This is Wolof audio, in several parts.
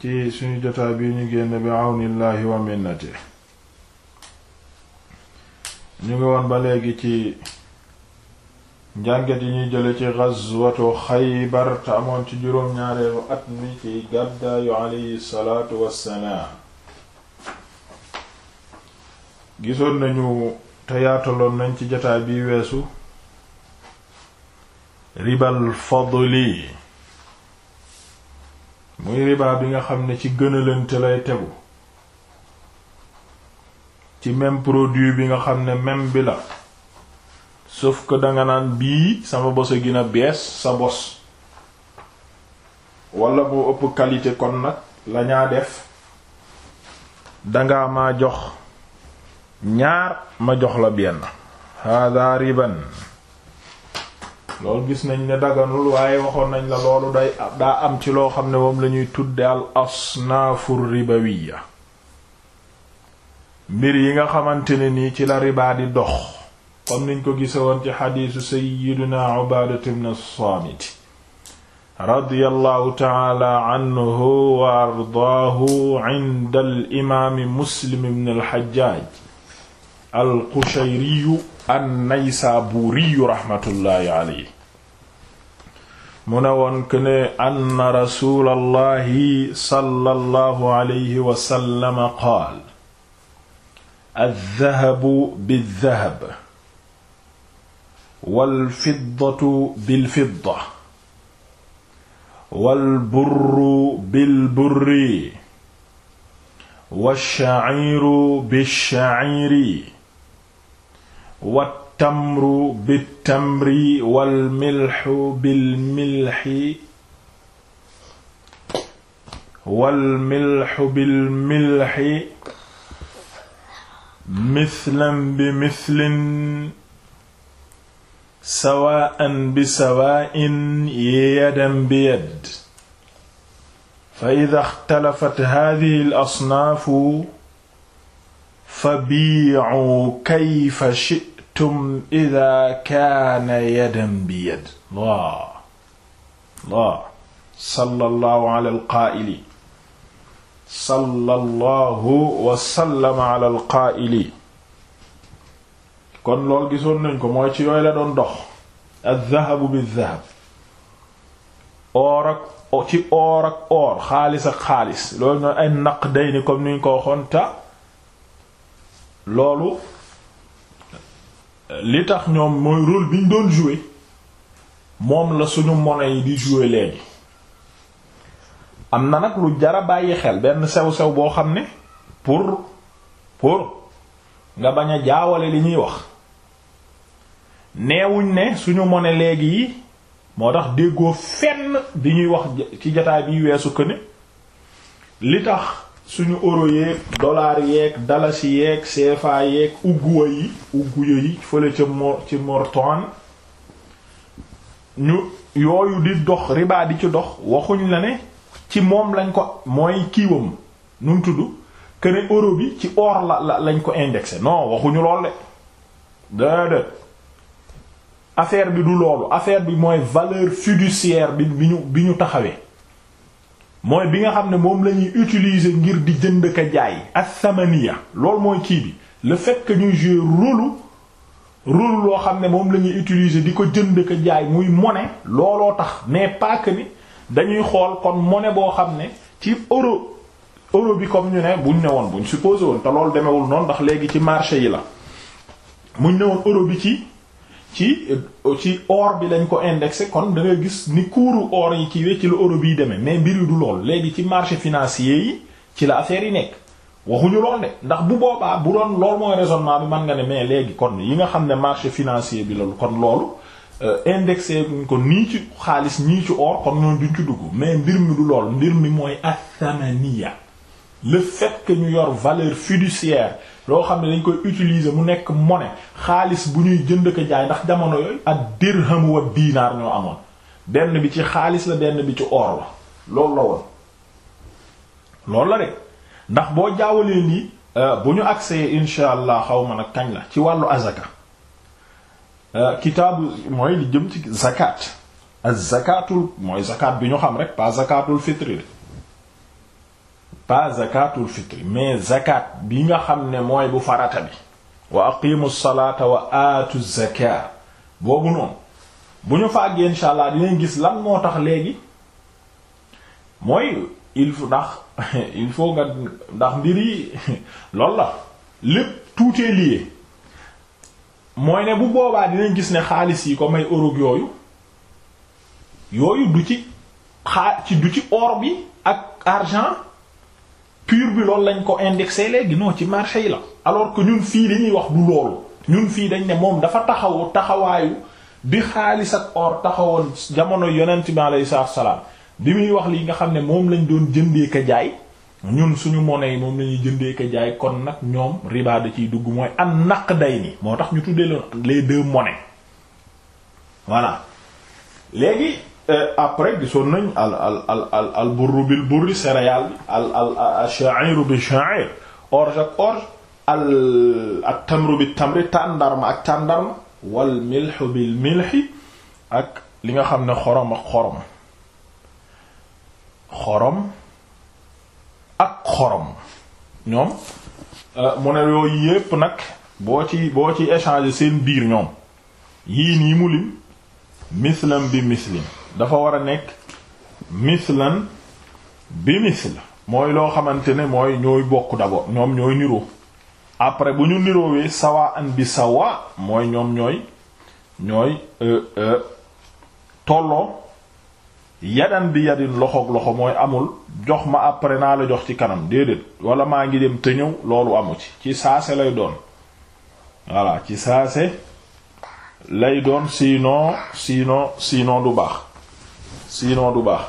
ci suñu jotaa bi ñu génn bi àwnillaahi wa minnati ñu ngi woon ba léegi ci njànget yi ñuy jële ci gazwatu xaybar te amoon ci juróom-ñaareelu at mi ci gàddaayu alayhi salaatu wassalaam gisoon nañu te yaataloon nañ ci jotaay bi weesu ribal fadli muy riba bi nga xam ne ci gënalante lay tegu ci même produit bi nga xam ne même bi la sauf ko danga naan bii sama bos a gën bees sa bos wala moo ëpp qualité kon nag lañaa ñaa def danga ma jox ñaar ma jox la benn hada riban loolu gis nañ ne daganul waaye waxoon nañ la loolu day daa am ci loo xam ne moom lañuy ñuy tudde al asnaafu ribawiya mbir yi nga xamante ne nii ci la ribaa di dox comme niñ ko gise woon ci xadiisu sayyidina ubaadatu ibn saamit radiyallahu taala anhu wa ardaahu inda al imaami muslim ibn al xajjaaj al qushayriyu an-Naysaburiyu raxmatullaahi alayhi mu ne woon ko ne anna rasuulallahi sallallahu alayhi wa sallam qaal addahabu biddahab walfiddatu bilfidda walburru bilburri washaciiru bishaciiri wattamru bittamri wal milxu bil milxi wal milxu bil milxi mislan bi mislin sawaa'an bi sawaa'in yadan bi yad fa idaa ixtalafat haadihi al asnaafu fa biicu kayfa shi tum idaa bi yad laa kon lool gisoon nañ ko mooy ci yooyu la doon dox addahabu biddahab oor ak ci oor ak oor xaalis ak xaalis loolu ñooy ay naqdayni comme niñ ko waxoon ta loolu li tax ñoom mooy rôle bi ñu doon jouer moom la suñu mone yi di jouer léegi am na nag lu jara bàyyi xel benn sew-sew boo xam ne pour pour nga bañ a jaawale li ñuy wax neewuñ ne suñu mone léegi yi moo tax déggoo fenn bi ñuy wax ci jataay biy weesu que li tax suñu euro yeeg dollar yeeg dalasi yeeg CFA yeeg uguwa yi uguwa yi fële ci mortoan ñu yooyu di dox riba di ci dox waxuñu la ne ci moom lañ ko mooy kiiwam nu mu tudd que euro bi ci or la la lañ ko indexé non waxuñu lool de déedéet affaire bi du loolu affaire bi mooy valeur fiduciaire bi bi ñu taxawee. mooy bi nga xam ne moom la ñuy utiliser ngir di jënd ka jaay as-samaniya loolu mooy kii bi le fekk que ñuy jouer rôle rôle loo xam ne moom la ñuy utiliser di ko jënd ka jaay muy mone looloo tax mais pas bi dañuy xool kon mone boo xam ne ci euro euro bi comme ñu ne buñ ne woon buñ supposé woon te loolu demewul noon ndax léegi ci marché yi la muñ ne woon euro bi ci ci ci or bi lañ ko indexé kon da ngay gis ni kuuru or yi ci ci la euro biy demee mais mbir yi du lool léegi ci marché financier yi ci la affaire yi nekk waxuñu lool de ndax bu boobaa bu doon lool mooy raisonnement bi mën nga ne mais léegi kon yi nga xam ne marché financier bi loolu kon loolu euh, indexé guñ ko nii ci xaalis nii ci or kon ñoon duñ ci dugg mais mbir mi du lool mbir mi mooy athamania le fait que ñu yor valeur fiduciaire loo xam ne dañ koy utiliser mu nekk monnaie xaalis bu ñuy jënd ko jaay ndax jamono yooyu ak dirham wa diinaar ñoo amoon benn bi ci xaalis la denn bi ci or la loolu la woon loolu la de ndax boo jaawalee nii euh, bu ñu agsee insha allah xaw ma nag kañ la ci wàllu azaka euh, kitaabu mooy li jëm ci zakat az mooy zakat bi ñu xam rek pas zakatul fitri pas zakatul fitri mais zakat bi nga xam ne mooy bu farata bi wa aqimu salata wa aatu zaka boobu noonu bu ñu fa àggee insha dinañ gis lan moo tax léegi mooy il faut ndax nga ndax mbir yi loolu la lépp tout est lié mooy ne bu boobaa dinañ gis ne xaalis yi ko may europe yooyu yooyu du ci xaa ci du ci or bi ak argent pur bi loolu lañ ko indexé léegi non ci marché yi la alors que ñun fii li ñuy wax du loolu ñun fii dañ ne moom dafa taxawu taxawaayu bi xaalis ak or taxawoon jamono yonent bi alayhi salaam bi muy wax li nga xam ne moom lañ doon jëndee jaay ñun suñu monnaie yi moom la ñuy jaay kon nag ñoom riba da ciy dugg mooy an naq day ni moo tax ñu tuddee les deux mone voilà léegi Euh, après gisoon nañ al al al al burru bil burri céréale al al al sha'iru bi sha'ir orge ak orge al ak tamru bi tamri tàndarma ak tàndarma wal milhu bil milhi ak li nga xam ne xorom ak xorom xorom ak xorom ñoom euh, mu ne yooyu yépp nag boo ci boo ci échanger seen biir ñoom yii nii mu lim mislam bi mislim dafa war a nekk mislan bi misl mooy loo xamante ne mooy ñooy bokk d'abord ñoom ñooy niroo après bu ñu niroowee sawa an bi sawa mooy ñoom ñooy ñooy euh, euh, tolloo yadan bi yadin loxoog loxo mooy amul jox ma après naa la jox ci kanam déedéet wala maa ngi dem te ñëw loolu amu ci ci saase lay doon voilà ci saase lay doon sinon sinon sinon du baax sinon du baax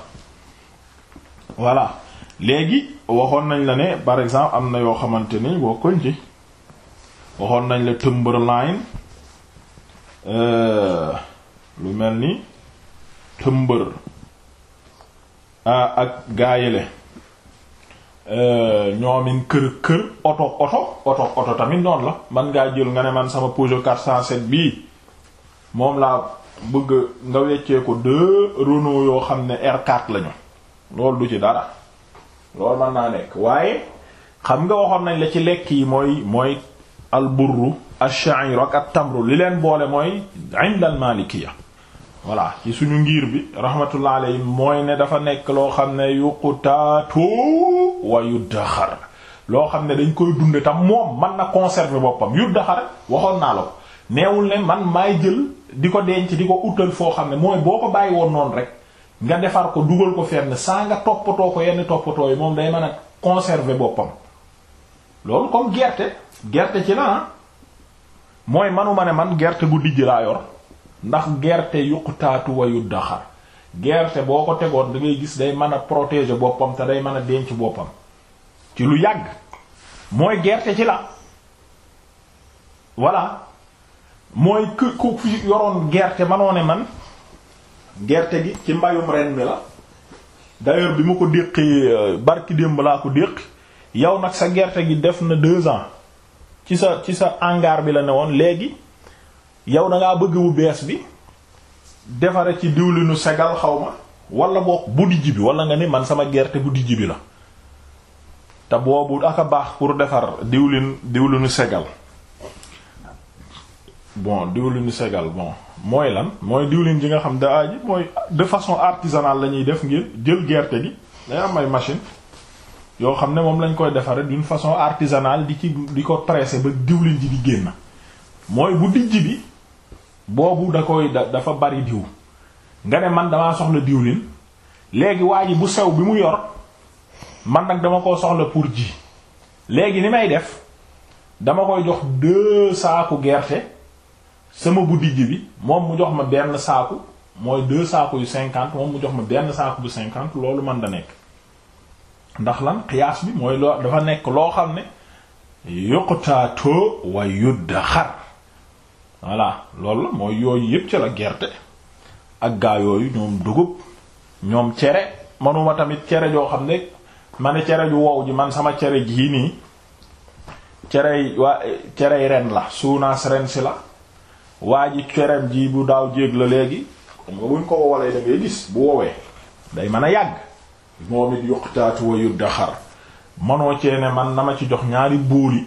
voilà léegi waxoon nañ la ne par exemple am na yoo xamante ni boo koñ ci waxoon nañ la Timberline euh, lu mel ni Timber ah, ak gaayele euh, ñoomin kër kër oto oto oto oto tamit noonu la man ngaa jël nga ne man sama Peugeot 407 bii moom laa bëgg nga weccee ko deux rono yoo xam ne R4 lañu loolu du ci dara loolu mën naa nekk waaye xam nga waxoon nañ la ci lekk yi mooy mooy alburru ash-sha'ir ak at-tamru li leen boole mooy inda al-malikiyya voilà ci suñu ngiir bi rahmatullah alayhi mooy ne dafa nekk loo xam ne yuqutaatu wa yuddaxar loo xam ne dañ koy dunde tam moom mën na conserver boppam yuddaxar waxoon naa la neewul ne man maay jël di ko denc di ko utal foo xam ne mooy boo ko bàyyi woon noonu rek nga defar ko dugal ko fenn saa nga toppatoo ko yenn toppatoo yi moom day man a conserver boppam loolu comme gerte gerte ci la ah. mooy manuma ne man gerte bu dijj laa ndax gerte yuqtaatu wa yu gerte boo ko tegoon da ngay gis day mën a protéger boppam te day mën a denc boppam ci lu yàgg mooy gerte ci la voilà mooy ku ku fi yoroon gerte manoo ne man gerte gi ci mbayum ren mi la d'ailleurs bi mu ko déqi euh, barki démb laa ko déq yow nag sa gerte gi def na deux ans ci sa ci sa hangar bi la ne woon léegi yow da bëgg bu bees bi defare ci diwlinu segal xaw ma wala boo bu dijj bi wala nga ne man sama gerte bu dijj bi la te boobu aka baax pour defar diwlin diwlinu segal bon diwlinu segal bon mooy lan mooy diwlin ji nga xam da aji mooy de façon artisanale la ñuy def ngir jël gerte gi day am ay machine yoo xam ne moom lañ koy defaree d'une façon artisanale di ci di ko presser ba diwlin ji di génn mooy bu dijj bi boobu da koy dafa bari diw nga ne man damaa soxla diwlin léegi waa ji bu sew bi mu yor man nag dama ko soxla pour ji léegi ni may def dama koy jox deux saaku gerte sama bu dijj bi moom mu jox ma benn saaku mooy deux saaku yu cinquante moom mu jox ma benn saaku bu cinquante loolu man da nekk ndax lan qiyaas bi mooy loo dafa nekk loo xam ne yuqtaatoo wa xar voilà loolu la mooy yooyu yëpp ci la gerte ak gaa yooyu ñoom dugub ñoom cere manuma tamit cere joo xam ne ma cere ju wow ji man sama cere jii nii cerey waa cerey ren la suunaas ren si la waa ji cerem ji bu daaw jéeg la léegi xam nga buñ ko wowalee da ngay gis bu woowee day mën a yàgg moom it yuqtaatu wa yuddaxar manoo cee ne man na ma ci jox ñaari bóoli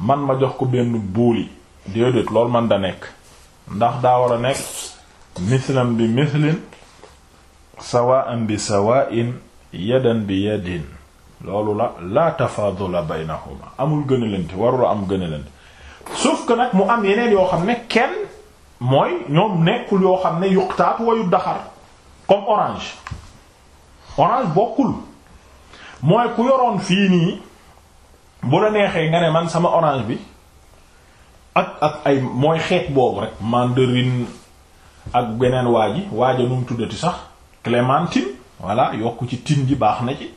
man ma jox ko benn bóoli déedéet loolu man da nekk ndax daa nekk mislan bi mislin sawaan bi sawain yadan bi loolu la la tafaadula baynahuma amul gënalante warula am gënalante que nag mu am yeneen yoo xam ne kenn mooy ñoom nekkul yoo xam ne yuqtaat wayu daxar comme orange orange bokkul mooy ku yoroon fii nii bu neexee nga ne man sama orange bi ak ak ay mooy xeet boobu rek mandarine ak beneen waa yi waaja nu tuddati sax clémentine voilà yokk ci tin ji baax na ci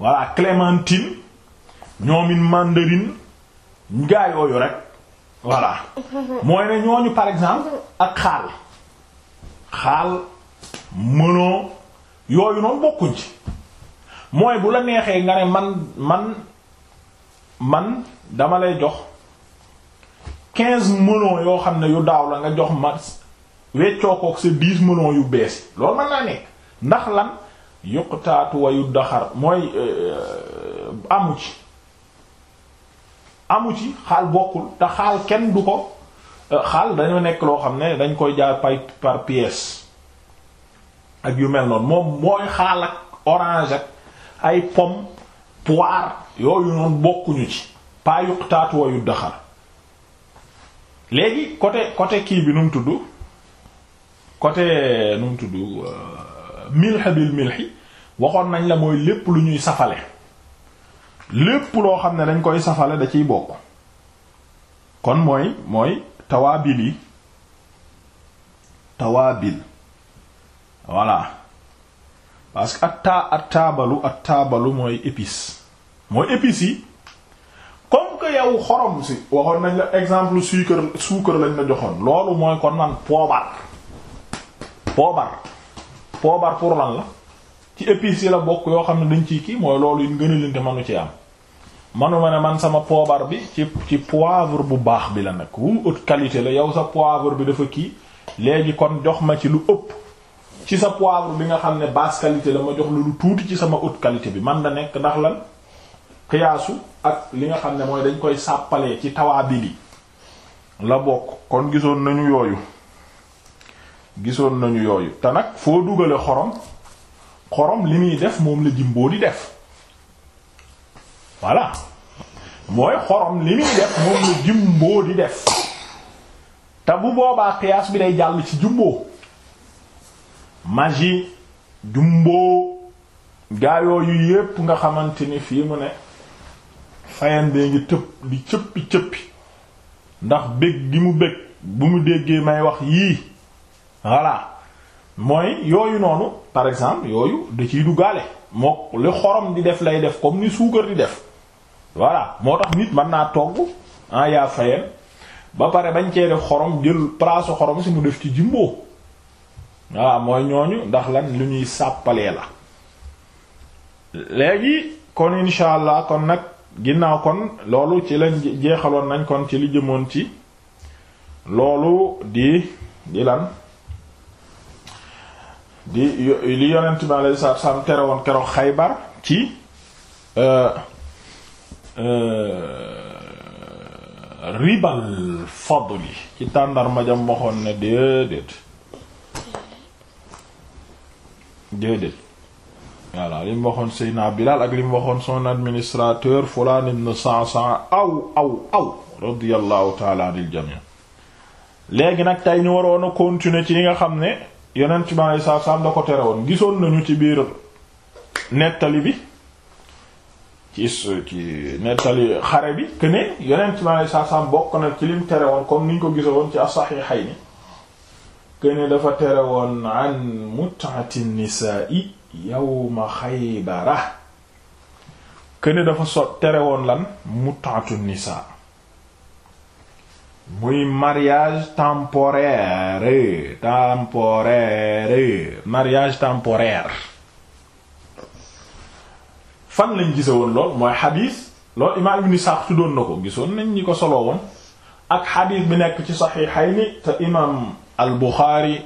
voilà clémentine ñoomin mandarine gaa yooyu rek voilà mooy ne ñooñu par exemple ak xaal xaal mënoo yooyu noonu bokkuñ ci mooy bu la neexee nga ne man man man dama lay jox quinze melons yoo xam ne yu daaw la nga jox ma weccoo kook sa dix melons yu bees loolu mën naa nekk ndax lan yuqtaatu wa yu daxar mooy euh, amu ci amu ci xaal bokkul te xaal kenn du ko euh, xaal dañoo nekk loo xam ne dañ koy jaar par par pièce ak yu mel noonu moom mooy xaal ak orange ak ay pomme poire yooyu noonu bokkuñu ci pas yuqtaatu yu daxar léegi côté côté kii bi nu mu tudd côté nu mu tudd euh, milx bil milxi waxoon nañ la mooy lépp lu ñuy safale lépp loo xam ne dañ koy safale da ciy bokk kon mooy mooy tawaabil yi tawaabil voilà parce que ak taabalu ak taabalu mooy épice mooy épice yi comme que yow xorom si waxoon nañ la exemple suukar suukar lañ la joxoon loolu mooy kon man poobar poobar poobar pour lan la ci épices yi la bokk yoo xam ne dañ ci kii mooy loolu it gënalinte manu ci am manuma ne man sama poobar bi ci ci poivre bu baax bi la nag wu haute qualité la yow sa poivre bi dafa kii léegi kon jox ma ci lu ëpp ci sa poivre bi nga xam ne basse qualité la ma jox lu tuuti ci sama haute qualité bi man da nekk ndax lan xiyaasu ak li nga xam ne mooy dañ koy sàppalee ci tawaabil yi la bokk kon gisoon nañu yooyu gisoon nañu yooyu te nag foo dugale xorom xorom li muy def moom la jimbo di def voilà mooy xorom li muy def moom la jimbo di def te bu boobaa bi day jàll ci jumbo maji jumbo yu yépp nga xamante ni fii mu ne fayan bee ngi tëb di cëppi cëppi ndax bég gi mu bég bu mu déggee may wax yii voilà mooy yooyu noonu par exemple yooyu da ciy duggaale mook li xorom di def lay def comme ni suukar di def voilà moo tax nit mën naa togg ah yaa fayeen ba pare bañ cee def xorom jël place xorom si mu def ci jimbo voilà mooy ñooñu ndax lan lu ñuy sàppalee la léegi kon insha allah kon nag ginnaaw kon loolu ci lañ jeexaloon nañ kon ci li jëmoon ci loolu di di lan di li yonent bi alayhi salaatu salaam tere woon keroog xaybar ci euh, euh, ribal fadli ci tàndar majam waxoon ne déedéet déedéet voilà li mu waxoon Seyna Bilal ak li mu waxoon son administrateur fulaan ibn Sa'sa'a aw aw aw radiyallahu ta'ala anil jami' léegi nag tey ñu waroon continuer ci yi nga xam ne yonent bi alei satu salaam da ko tere woon gisoon nañu ci biir nettali bi ci ci nettali xare bi que ne yonent bi alei satu salaam bokk na ci lim tere woon comme niñ ko gisoon ci as-sahihayni que ne dafa tere woon an mut'ati nisaa'i yawma xaybara que dafa so tere woon lan mut'atu nisaa muy mariage temporaire temporaire mariage temporaire fan lañ gise woon lool mooy xadiis loolu imaam ibn Isaaq tuddoon na ko gisoon nañ ñi ko solo woon ak xadiis bi nekk ci saxiixayni te imaam al Buxaari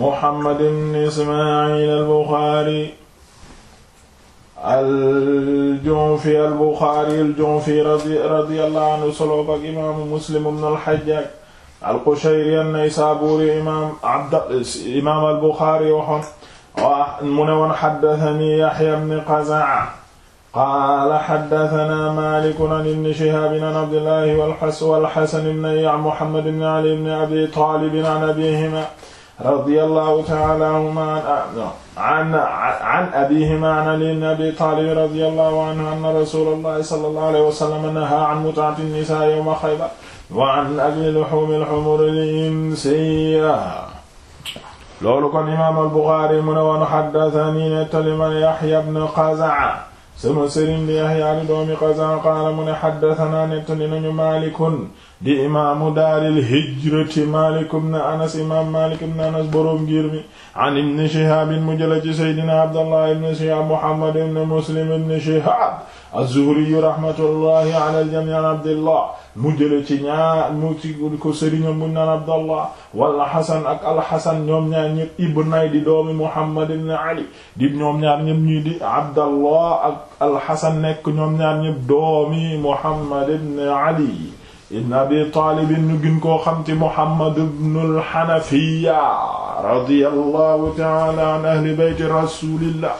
Muhammad ibn Ismaayil al Buxaari al-Ju'fi al-Buxaari al-Ju'fi radiyallahu anhu solo ak imaamu Muslim ibn al-Hajjaj al-Qushayri an-Naysaabuuri imaam imaam al-Buxaari waxoon mu ne woon haddathanii Yahyaa ibn Qazaa qaala haddathanaa Maalik an ibn Shihaab an Abdillahi wal-Hasan ibn Yahyaa Muhammad ibn Ali ibn Abi Taalib an abiihimaa radiyallahu ta'ala anhuma an abihima an ali ibn abi talib radiyallahu anhu anna rasulallahi sallallahu alayhi wa sallam naha an mut'ati nisa yawma khaybar wa an akli luhumi al-humuri al-insiya loolu kon imaam al-Bukhari mu ne woon haddathani nettali man Yahya ibn Qaza'a sama sëriñ di Yahya di doomi Qazan qaala mu ne xaddatanaa nettali nañu maalikun di imaamu daaril hijrati Maalik ibn Anas imaam Maalik ibn Anas boroom ngir mi an ibn Shihaab mu jëla ci Seydina Abdallah ibn Shihaab Muhammad ibn Muslim ibn Shihaab az-Zuhri rahmatullahi ala al-jamii Abdullah mu jële ci ñaar mu ci ko sëriñam mu naan Abdallah wala Hasan ak al-Hasan ñoom ñaar ñëpp ibnay di doomi Muhammad ibn Ali di ñoom ñaar ñëpp ñii di Abdallah ak al-Hasan nekk ñoom ñaar ñëpp doomi Muhammad ibn Ali ibn Abi Talib ñu gën koo xam ci Muhammad ibn al-Hanafiya radiyallahu ta'ala an ahli bayti rasulillah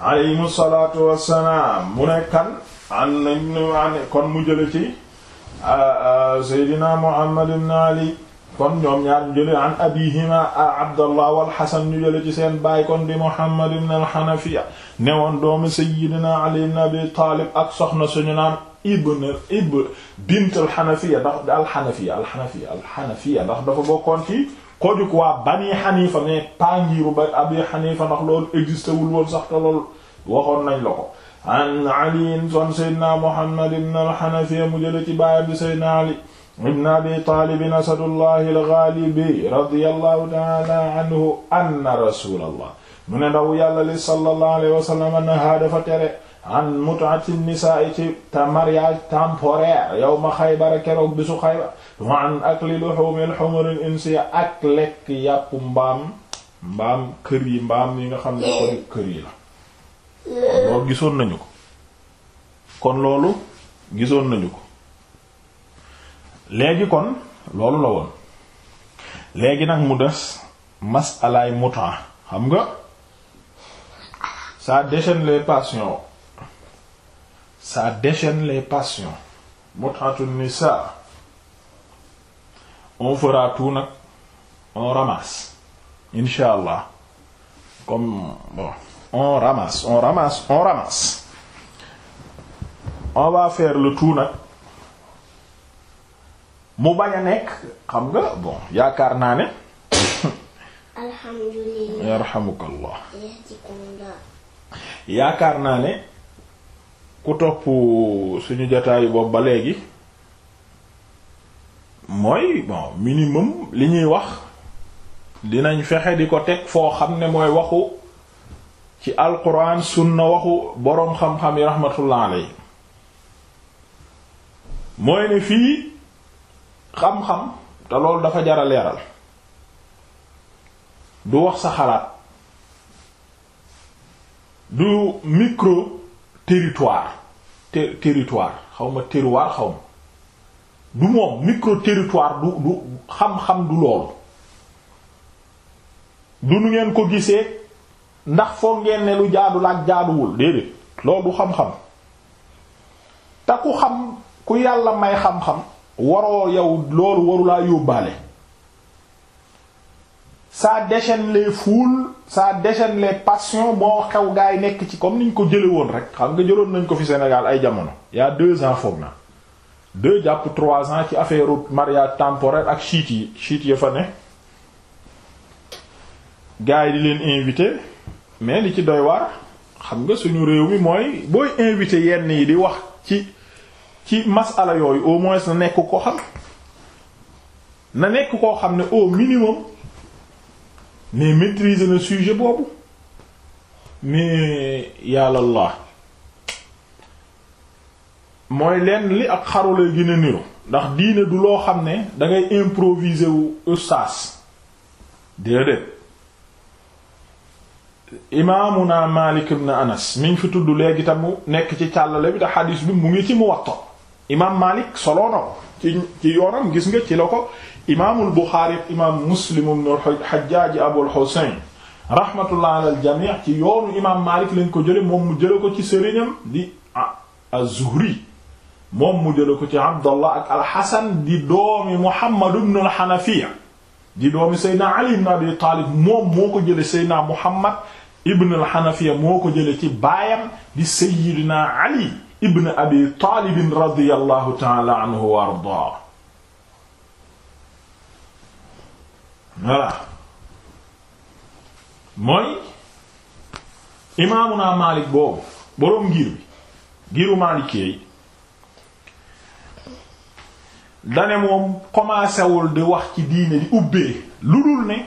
aleyhim salaatu wassalaam mu ne kan an ibnu an kon mu jële ci seydina muhammad ibn ali kon ñoom ñaar ñu jële an abihima abdallah walxasan ñu jële ci seen baay kon di muhammad ibn alxanafiya ne woon doomu seydina ali ibn abi taalib ak soxna suñu naan ibn ibn bint alxanafiya ndax alxanafiya alxanafiya alxanafiya ndax dafa bokkoon ci kojug waa bani xanifa mais pas ngiru ba abi xanifa ndax loolu existé wul woon sax te loolu waxoon nañ la ko an ali son saydna mohammad ibn alxanafia mu jële ci baayam bi saydna ali ibn abi taalibin asadullah algaalibi radiyallahu taala anhu anna rasul allah mu ne ndaw yàlla li sallallahu alayhi wa sallam nahaa dafa tere an mut'ati nisaa ci ta mariage temporaire yawma xaybara keroog bisu xaybar ak an akli luhumil humurin insiya ak lekk yàpp mbaam mbaam kër yi mbaam yi nga xam ne ko kër yi la loolu gisoon nañu ko kon loolu gisoon nañu ko léegi kon loolu la woon léegi nag mu des masalaay muta xam nga ça déchaîne les passions ça déchaîne les passions ni nisa on fera tout nag on ramasse incha allah comme bon on ramasse on ramasse on va faire le tout nag mu bañ a nekk xam nga yaakaar naa ne. alhamdulillah yarhamukallah yaakaar naa ne ku topp suñu jotaayu boobu ba léegi. mooy bon minimum li ñuy wax dinañ fexe di ko teg foo xam ne mooy waxu ci alquran na waxu boroom xam-xam yi rahmatullah alay mooy ne fii xam-xam te loolu dafa jara leeral du wax sa xalaat du micro territoire territoire xaw ma terroir xaw ma du moom micro territoire du du xam-xam du loolu du nu ngeen ko gisee ndax foog ngeen ne lu jaadu laak jaaduwul déedéet loolu du xam-xam te ku xam ku yàlla may xam-xam waroo yow loolu warulaa yóbbaale ça déchaîne les foules saa déchaîne les passions moo xew gaa yi nekk ci comme ni ñu ko jële woon rek xam nga jëloon nañ ko fi Sénégal ay jamono y'a deux ans foog na deux jàpp trois ans ci affaire mariage temporaire ak chiites yi chiites ya fa ne gars yi di leen invité mais li ci doy waar xam nga suñu réew mi mooy booy invité yenn yi di wax ci ci masala yooyu au moins na nekk ko xam na nekk koo xam ne au minimum mais maîtriser na sujet boobu mais yàlla la mooy lenn li ak xarula lay gën a niru ndax diine du loo xam ne dangay improviser wu ustaas déedéet imaamuna Maalik ibn Anas mi ñu fi tudd léegi tam nekk ci càllale bi te xadiis bi mu ngi ci Muwatta imaam Maalik soloo na ko ci yoonam gis nga ci la ko imaamul Buxaari imaam Muslim ibn Hajjaaj Abul Husayn rahmatullah ala al jamii' ci yoonu imaam Maalik lañ ko jële moom mu jële ko ci sëriñam di ah az moom mu jële ko ci abdallah ak alxasan di doomi muhammad ibn alxanafiya di doomi seydna ali ibn abi taalib moom moo ko jële seydna muhammad ibn alxanafiya moo ko jële ci baayam di seydna ali ibn abi taalib radiyallahu taala anhu wa ardaa voilà mooy imaamuna maalik boobu boroom ngir bi ngiru maalikee dane moom commencé wul di wax ci diine di ubbee lu dul ne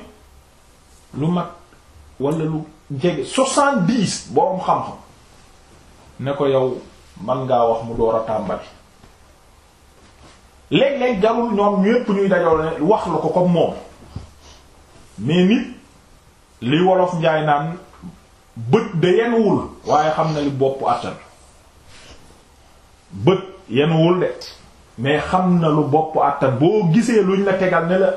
lu mag wala lu jege soixante-dix boroom xam ne ko yow man ngaa wax mu door a tàmbali léeg-léeg jarul ñoom ñépp ñuy dajoo ne wax la ko ko moom mais nit li wolof njaay naan bët de yenuwul waaye xam na li bopp attan bët yenuwul de mais xam na lu bopp àttan boo gisee lu luñ la tegal ne la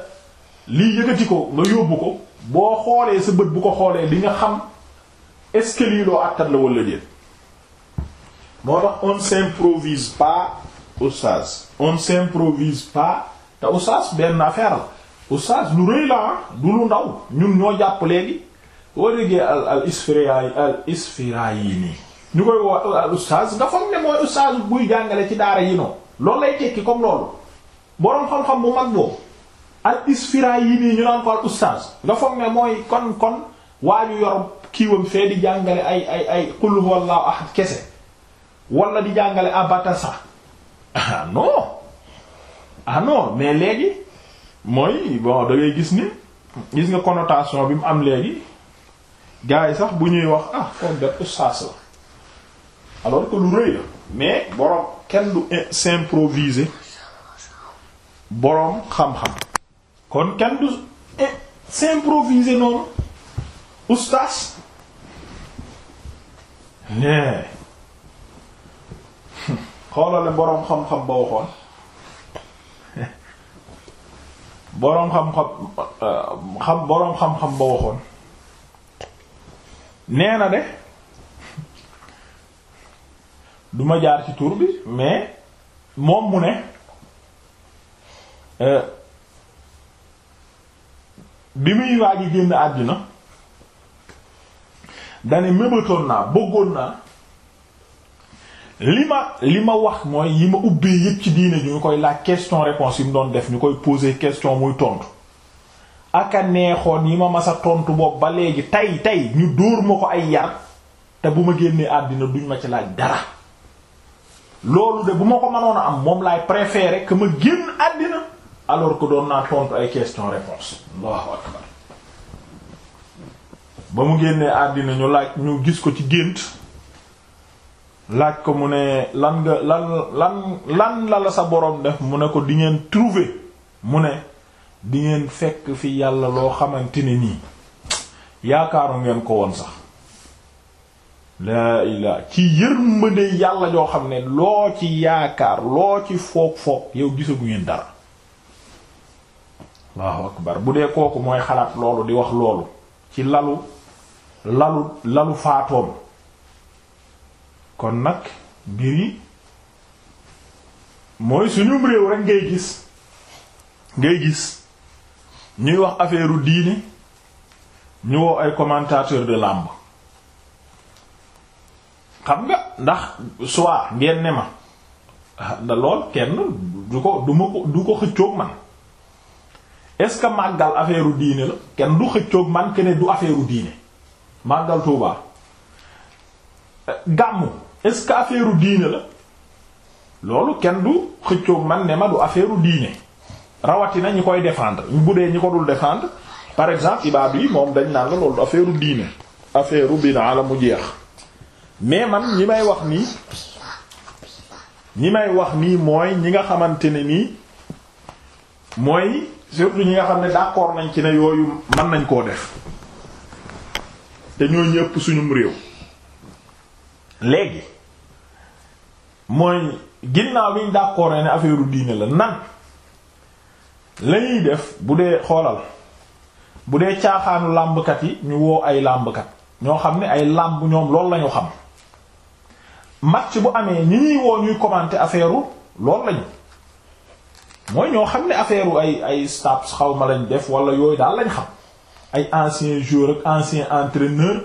lii yëkkati ko nga yóbbu ko boo xoolee sa bët bu ko xoolee di nga xam est-ce que lii loo àttan la wala déet moo tax on s'improvise pas oustaz on s'improvise pas te oustaz benn affaire la oustaz lu rëy la ah, du lu ndaw ñun ñoo jàpp léegi boo déggee al al isfiraay al isfiraay yi nii ñu koy woo al oustaz nga foog ne mooy oustaz buy jàngale ci daara yi noonu loolu lay tekki comme loolu boroom xam-xam bu mag boobu al isfira yi nii ñu naan ko al ustaas nga foog ne mooy kon kon waa ñu yor kiiwam fee di jàngale ay ay ay qul huwallahu kese wala di jàngale abata sax ah, ah mais léegi mooy bon da gis ni gis nga connotation bi mu am léegi gars sax bu ñuy wax ah kon de ustaas la alors que lu rëy la mais borom. kenn du s'improviser boroom xam-xam kon kenn du s'improviser noonu ustaas ne xoolale boroom xam-xam ba waxoon boroom xam-xam euh, xam boroom ba waxoon nee na de du ma jaar ci tur bi mais moom mu ne euh, bi muy waaj a génn àdduna dane mébatoon naa bëggoon naa li ma li ma wax mooy yi ma ubbee yépp ci diine ñu koy laaj question réponse yi mu doon def ñu koy poser question muy tontu aka neexoon yi ma masa tontu boobu ba léegi tey tey ñu dóor ma ko ay yar te bu ma génnee àddina duñ ma ci laaj dara loolu de bu ma ko mënoon a am moom laay préférer que ma génn àddina alors que doon naa tontu ay question réponse allahu akbar ba mu génnee àddina ñu laaj ñu gis ko ci gént laaj ko mu ne lan nga lan lan lan la sa boroom def mu ne ko di ngeen trouver mu ne di ngeen fekk fi yàlla loo xamante ne nii yaakaaru ngeen ko woon sax laa ilaa ci yërmande yàlla joo xam ne loo ci yaakaar loo ci foog foog yow gisagu ngeen dara allahu akbar bu dee kooku mooy xalaat loolu di wax loolu ci lalu lalu lalu faatoom kon nag mbir yi mooy suñum réew rek ngay gis ngay gis ñuy wax affaire diine ñu woo ay commentateur de làmb xam nga ndax soit ngeen ne ma da lool kenn du ko du ma ko du ko xëccoog man est-ce que màggal affaire u diine la kenn du xëccoog man ke ne du affaire u diine màggal Tuubaa gàmmu est-ce que affaire diine la loolu kenn du xëccoog man ne ma du affaire u diine rawatina ñi koy défendre bu dee ñi ko dul défendre par exemple ibaadu yi moom dañ naan la loolu affaire u diine affaire u bidaa la mu jeex mais man ñi may wax nii ñi may wax nii mooy ñi nga xamante ne nii mooy surtout ñi nga xam ne d'accord nañ ci ne yooyu mën nañ koo def te ñoo ñëpp suñum réew léegi mooy ginnaaw bi ñu d'accord ne affaire diine la nan lañuy def bu dee xoolal bu dee caaxaanu làmbkat yi ñu woo ay làmbkat ñoo xam ne ay làmb ñoom loolu lañu xam match bu amee ñi ñuy woo ñuy commenter affaire loolu lañu mooy ñoo xam ne affaire ay ay staps xaw ma lañ def wala yooyu daal lañ xam ay anciens jours ak anciens entraîneurs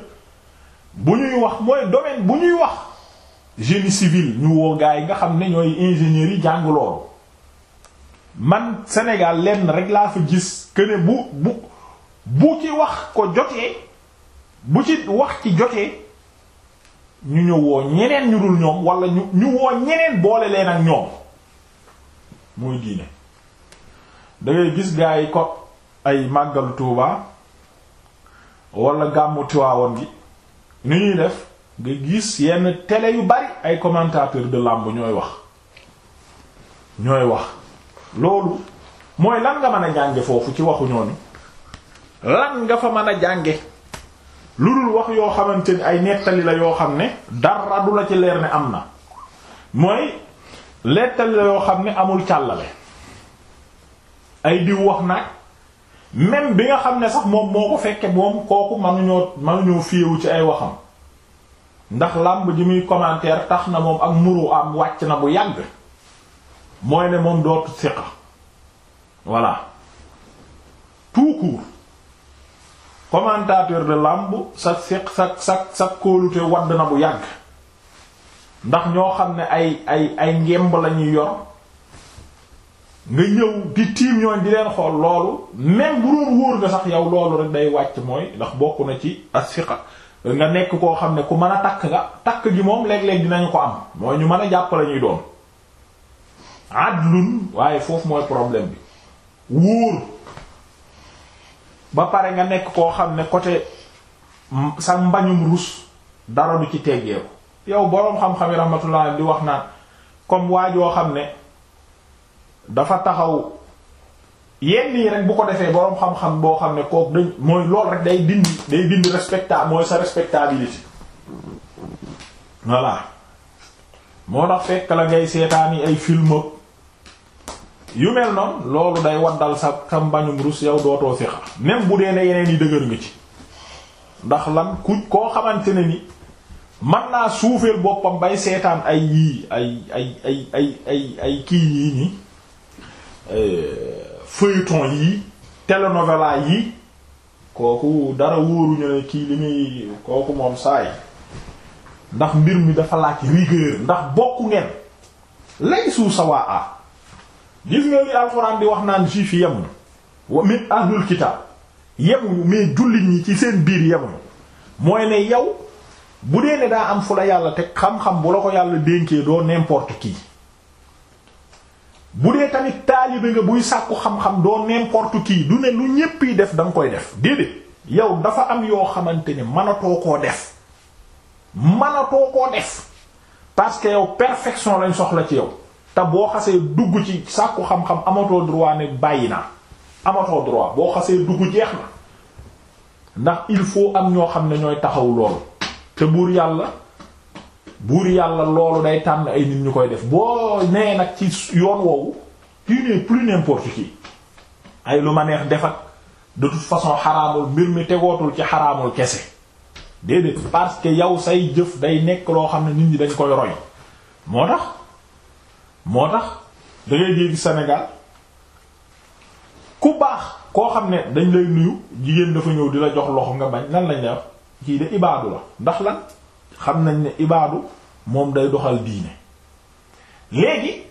bu ñuy wax mooy domaine bu ñuy wax génie civil ñu woo gars yi nga xam ne ñooy ingénieurs yi jàng loolu man Sénégal lenn rek laa fa gis que ne bu bu bu ci wax ko jotee bu ci wax ci jotee. ñu ñëw woo ñeneen ñu dul ñoom walla ñu ñu woo ñeneen boole leen ak ñoom muy diine da gis gaa yi ko ay màggalu tuubaa wala gàmmu Tiwaawoon gi ni ñuy def nga gis yenn tele yu bari ay commentateurs de làmb ñooy wax ñooy wax loolu mooy lan nga mën a jànge foofu ci waxuñoo ñooñu lan nga fa mën a jànge lu dul wax yoo xamante ne ay nettali la yoo xam ne dara du la ci leer ne am na mooy nettali la yoo xam ne amul càllale ay diw wax nag même bi nga xam ne sax moom moo ko fekke moom kooku manuñoo manuñoo fiyewu ci ay waxam ndax làmb ji muy commentaire tax na moom ak muru am wàcc na bu yàgg mooy ne moom dootu siqa voilà tout commentateur de làmb sa fiq sa sa sa kóolute wadd na bu yàgg ndax ñoo xam ne ay ay ay ngemb lañuy yor nga ñëw di tiim ñooñ di leen xool loolu même bu doon wóor nga sax yow loolu rek day wàcc mooy ndax bokku na ci asfiqa nga nekk koo xam ne ku mën a takk nga takk gi moom léeg-léeg dinañu ko am mooy ñu mën a jàpp lañuy doon adlun waaye foofu mooy problème bi wóor ba pare nga nekk koo xam ne côté sa mbañum rus dara du ci teggeeku yow boroom xam-xam yi rahmatullah di wax naa comme waa joo xam ne dafa taxaw yenn yi rek bu ko defee boroom xam-xam boo xam ne kooku dañ mooy lool rek day dindi day dindi respecta mooy sa respectabilité voilà moo tax fekk la ngay seetaani ay film yu mel noonu loolu day waddal sa sa mbañum rus yow dootoo fiqa même bu dee ne yeneen yi dëgër nga ci ndax lan ku koo xamante ne ni man naa suufeel boppam bay seetaan ay yii ay ay ay ay ay ay kii yii nii eh, feuilleton yii telenovela yii kooku dara wóoruñu ne kii li muy kooku moom saay ndax mbir mi dafa laaj rigueur ndax bokku ngeen lay suuf sa waa a gis nga li alxuraan di wax naan juif yi yemuñu wa min ahlul kitaab jullit ñi ci seen biir yemuñu mooy ne yow bu dee ne daa am fu la yàlla teg xam-xam bu la ko yàlla dénkee doo n'importe qui bu dee tamit taalibe nga buy sàkku xam-xam doo n'importe qui du ne lu ñépp def da koy def déedéet yow dafa am yoo xamante ne mënatoo koo def mënatoo koo def parce que yow perfection lañ soxla ci yow. te boo xasee dugg ci sàkku xam-xam amatoo droit ne bàyyi naa amatoo droit boo xasee dugg jeex na ndax il faut am ñoo xam ne ñooy taxaw loolu te buur yàlla buur yàlla loolu day tànn ay nit ñu koy def boo nee nag ci yoon woowu tu n'es plus n'importe qui ay lu ma neex defat de toute façon xaraamul mbir mi tegootul ci xaraamul kese déedéet parce que yow say jëf day nekk loo xam ne nit ñi dañ koy roy moo tax moo tax da ngay jéggi ku baax koo xam ne dañ lay nuyu jigéen dafa ñëw di la jox loxo nga bañ lan lañ lay wax kii de ibaadu la ndax lan xam nañ ne ibaadu moom day doxal diine léegi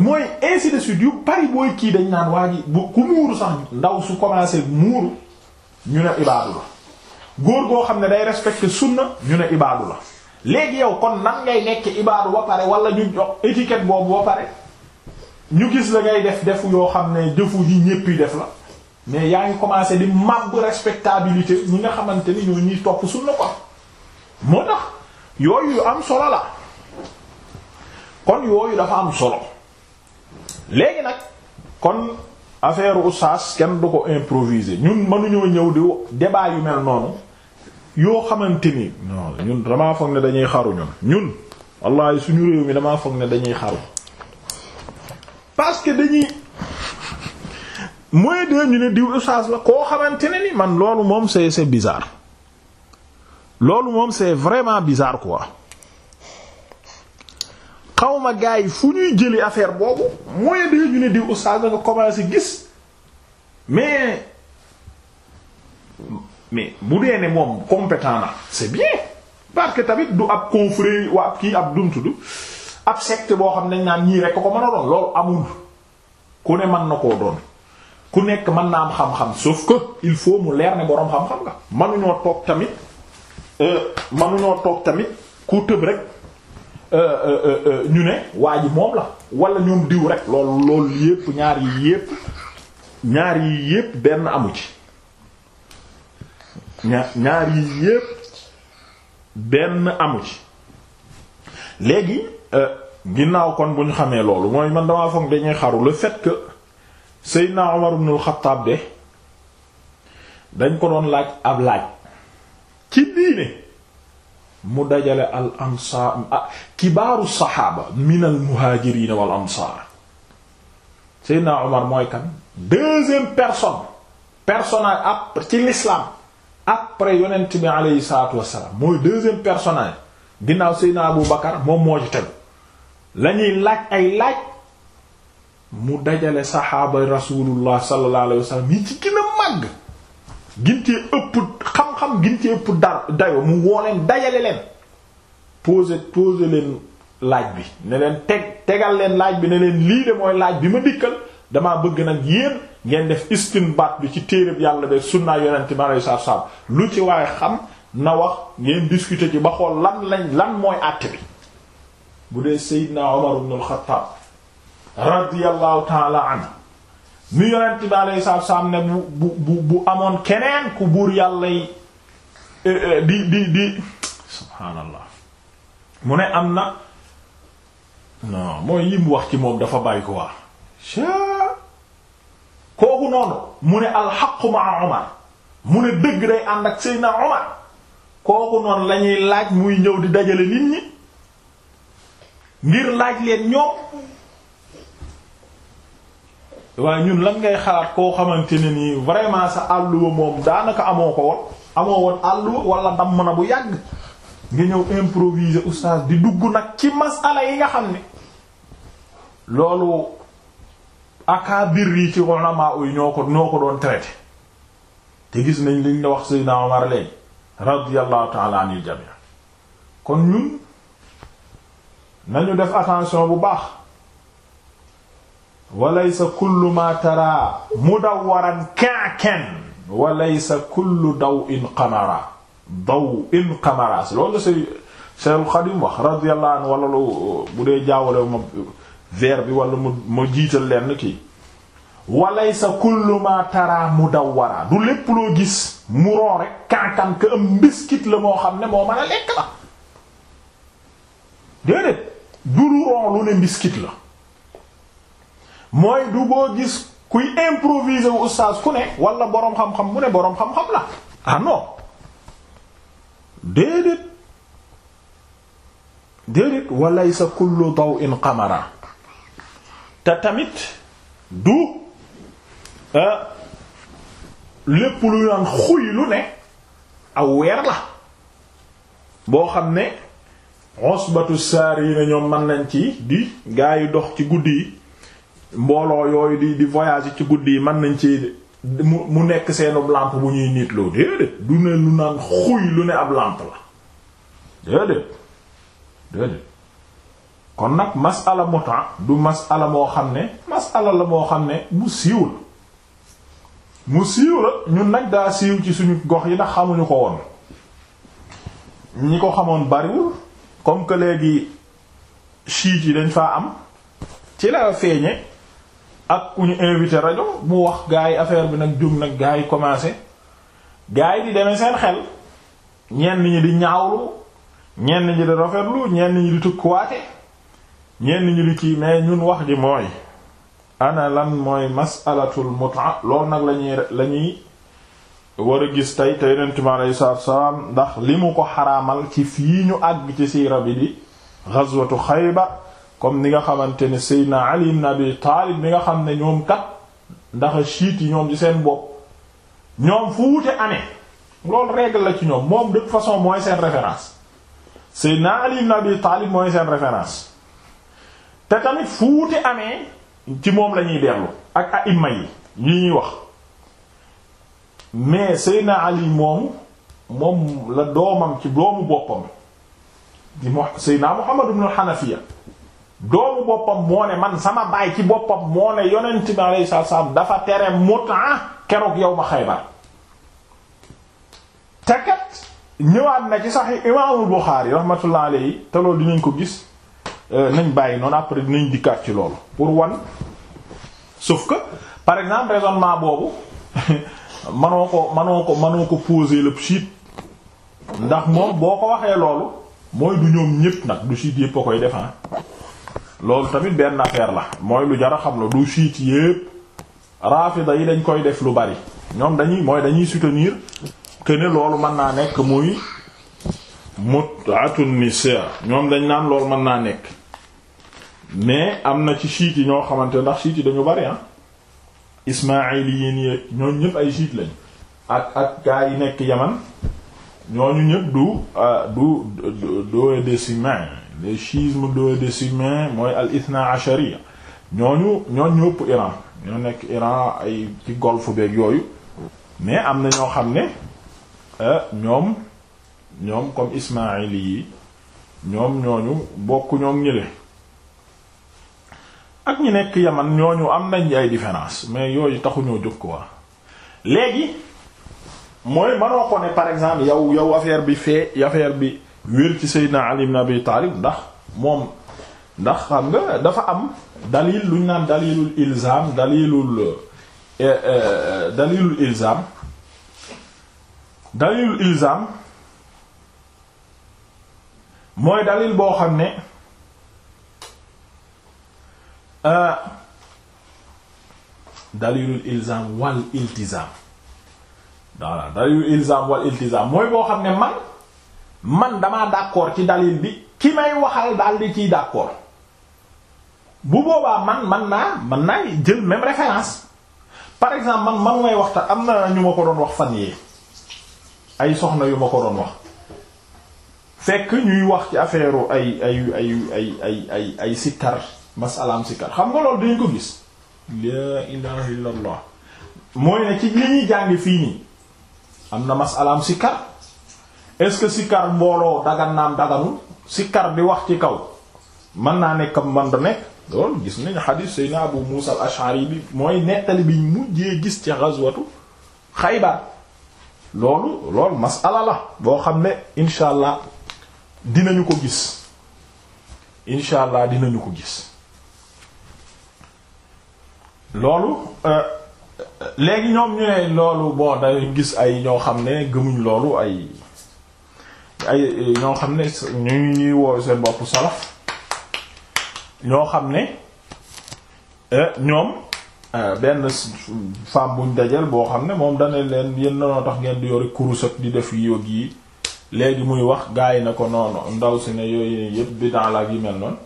mooy ainsi de suite yu bari booy kii dañ naan waa ji bu ku muuru sax ndaw su commencé muuru ñu ne ibaadu la góor goo xam ne day respecté sunna ñu ne ibaadu la léegi yow kon nan ngay nekk ibaadu ba pare wala ñu jox étiquette boobu ba pare ñu gis la ngay def defu yoo xam ne jëfu yi ñéppi def la mais yaa ngi commencé di màbb respectabilité ñi nga xamante ni ñoo ñuy topp sunna ko moo tax yooyu am solo la kon yooyu dafa am solo léegi nag kon affaire oustaz kenn du ko improviser ñun mënuñoo ñëw di débat yu mel noonu yoo xamante ni non ñun damaa foog ne dañuy xaru ñun ñun wallahi suñu réew mi damaa foog ne dañuy xaru parce que dañuy mooy de ñu ne diw ustaas la koo xamante ne ni man loolu moom c'est c'est bizarre loolu moom c'est vraiment bizarre quoi xawma gars yi fu ñuy jëli affaire boobu mooy de ñu ne diw ustaas la nga commencé gis mais mais bu dee ne moom compétent na c'est bien parce que tamit du ab confrérie waa kii ab dumtudu ab secte boo xam ne naan ñii rek ko mën a doon loolu amul ku ne mën na koo doon ku nekk mën naa am xam-xam sauf que il faut mu leer ne boroom xam-xam nga ñoo toog tamit euh, manuñoo toog tamit ku tëb rek euh, euh, ñu ne waa ji moom la wala ñoom diw rek loolu loolu yépp ñaar yi yépp ñaar yi yépp benn amu ci ñaar ñaar yi yépp benn amu ci léegi euh, ginnaaw kon bu ñu xamee loolu mooy man damaa foog dañuy xaru le fait que Seydina Omar ibn al de dañ ko doon laaj ab laaj ci diine mu dajale al ansaar ah, kibaaru saxaaba min al muhaajiriin wal ansaar Seydina Omar mooy kan deuxième personne personnage après ah, ci l'islam après yonent bi aleyhi salaatu wassalaam mooy deuxième personnage ginnaaw Seydina Abu Bakar moom moo ci tegu la laaj ay laaj mu dajale saxaaba rasulullah sallallahu alayhi wasallam yi ci gën a màgg gin cee ëpp xam-xam gin cee ëpp dar dayo mu woo leen dajale leen poser poser leen laaj bi ne leen teg tegal leen laaj bi ne leen lii de mooy laaj bi ma dikkal damaa bëgg nag yéen ngeen def istinbaat bi ci téereb yàlla be sunnaa yonente bi alei satu salaam lu ci waaye xam na wax ngeen discuter ci ba xool lan lañ lan mooy àtte bi bu dee Seydina Omar ibn al-Khattab radiyallahu taala anhu ñu yonent bi aleyhi salaatu wasalaam ne bu bu bu amoon keneen ku buur yàlla yi e, e, di di di subhaanallah mu ne am na mooy yim wax ci moom dafa bàyyi ko waa kooku noonu mu ne alxaqu maa mu ne dëgg day ànd ak Seydina Omar kooku noonu lañuy laaj muy ñëw di dajale nit ñi ngir laaj leen ñoom waaye ñun lan ngay xalaat koo xamante ne nii vraiment sa àlluwa moom daanaka amoo ko woon amoo woon àlluwa wala damm na bu yàgg nga ñëw improviser oustaz di dugg nag ci masala yi nga xam ne loolu akaabir yi ci ulama uy ñoo ko ñoo ko doon traité te gis nañ liñ la wax Seydina Omar léegi radiyallahu ta'ala anil jami' kon ñun nañu def attention bu baax walaysa kullu ma tara mudawwaran ka'kan walaysa kullu daw'in qamara daw'in qamara loolu la say Seydul Xadim wax radiyallahu anhu wala bu dee jaawale ma vers bi wala mu ma jiital lenn kii walaysa kullu ma tara mudawwara du lépp loo gis muron rek kankan ka am mbiskit la moo xam ne moo mën a lekk la déedéet du lu ron lu ne mbiskit la mooy du boo gis kuy improviser wu ku ne wala boroom xam-xam mu ne boroom xam-xam la ah non déedéet déedéet walaysa kullu daw'in qamara te tamit du euh, lépp lu naan xuy lu ne aw weer la boo xam ne osbatu saar yi na mën nañ ci di gaa yi dox ci guddi yi mbooloo yooyu di di voyage ci guddi yi mën nañ ci mu mu nekk seenub làmp bu ñuy niitloo déedéet du ne lu naan xuy lu ne ab làmp la déedéet déedéet kon nag masala muta du masala moo xam ne masala la moo xam ne mu siiw la mu siiw la ñun nag daa siiw ci suñu gox yi ndax xamuñu ko woon ñi ko xamoon bariwul comme que léegi chiites yi dañ faa am ci la feeñe ak ku ñu invité rajo mu wax gaa yi affaire bi nag jóg nag gaa yi commencé gaa yi di demee seen xel ñenn ñi di ñaawlu ñenn ñi di rafetlu ñenn ñi di tukkuwaate ñenn ñu li kii ñun wax ji mooy ana lan mooy masalatul muta lool nag lañuy lañuy war a gis tey te yonent mi aleyhi salaatu salaam ndax li mu ko xaraamal ci fii ñu àgg ci siira bi di ghazwatu Xaybar comme ni nga xamante ne Seydina Ali ibn Abi Taalib nga xam ne ñoom kat ndax chiites yi ñoom ci seen bopp ñoom fu wute amee loolu la ci ñoom moom de toute façon mooy seen référence Seydina Ali ibn Abi mooy seen référence te tamit fuuti amee ci moom la ñuy dellu ak aïma yi yi ñuy wax mais Seydina Ali moomu moom la doomam ci doomu boppam di mo Seydina Muhammad ibn al-Hanafiya doomu boppam moo ne man sama baay ci boppam moo ne yonent bi alayhi salaam dafa tere mutaa keroog yow Xaybar te kat ñëwaat na ci Sahih Imaamul Buxaari rahmatullah alayhi te loolu dinañ ko gis. Euh, nañ bàyyi noonu après dinañ dikkaat ci loolu pour wan sauf que par exemple raisonnement boobu manoo ko manoo ko manoo ko poser le chiite ndax moom boo ko waxee loolu mooy du ñoom ñépp nag du chiite yépp a koy defaa ah. loolu tamit benn affaire la mooy lu jara xam la du chiite yépp rafida yi dañ koy def lu bari ñoom dañuy mooy dañuy sutenir que ne loolu mën naa nekk muy mut'atun nisaa ñoom dañ naan loolu mën naa nekk mais am na ci chiites yi ñoo xamante ndax chiites yi dañu bari ah ismaayiliyiin yi ñooñu ñëpp ay chiites lañ ak ak gaa yi nekk yaman ñooñu ñëpp du ah, du duodécimain le schisme duodécimain mooy al ithna ashariya ñooñu ñooñu ñëpp Iran ñoo nekk Iran ay ci golfe beeg yooyu mais am na ñoo xam ne ah, ñoom ñoom comme ismaili yi ñoom ñooñu bokk ñoom ñële ak ñi nekk yaman ñooñu am nañ ay différence mais yooyu taxuñoo jóg quoi léegi mooy manoo ko par exemple yow yow affaire bi fee affaire bi wér ci Seydina Ali ibn Abi Talib ndax moom ndax xam nga dafa am dalil luñ naan dalilul ilzam dalilul euh, euh, euh, dalilul mooy dalil boo xam ne euh, dalilul ilzam wal iltizam voilà dalilul ilzam wal iltizam mooy boo xam ne man man damaa d'accord ci dalil bi ki may waxal daal di ciy d'accord bu boobaa man man naa man naa jël même référence par exemple man man may waxtaan am na ñu ma ko doon wax fan yee ay soxna yu ma ko doon wax fekk ñuy wax ci affaire ay ay ay ay ay ay ay sikkar masalaam sikkar xam nga loolu dañ ko gis laa ilaha illa mooy ne ci li ñuy jàng fii nii am na masalaam sikkar est-ce que sikkar mbooloo dagan naam daganul sikkar di wax ci kaw mën naa nekk man da lool gis nañu xadiis sayna abu musa al ashari bi mooy nettali bi mujjee gis ci ghazwatu xaybar loolu loolu masala la boo xam ne insha allah dinañu ko gis incha allah dinañu ko gis loolu euh, euh, léegi ñoom ñu ne loolu boo dañu gis ay ñoo xam ne gëmuñ loolu ay ay euh, ñoo xam ne ñu ñuy woow seen bopp salaf ñoo xam ne ñoom benn femme buñ dajal boo xam ne moom dana leen yéen nanoo tax ngeen di yori kurus ak di def yi ak yi léegi muy wax gaa yi na ko noonu ndaw si ne yooyu yëpp bid'a la yi mel noonu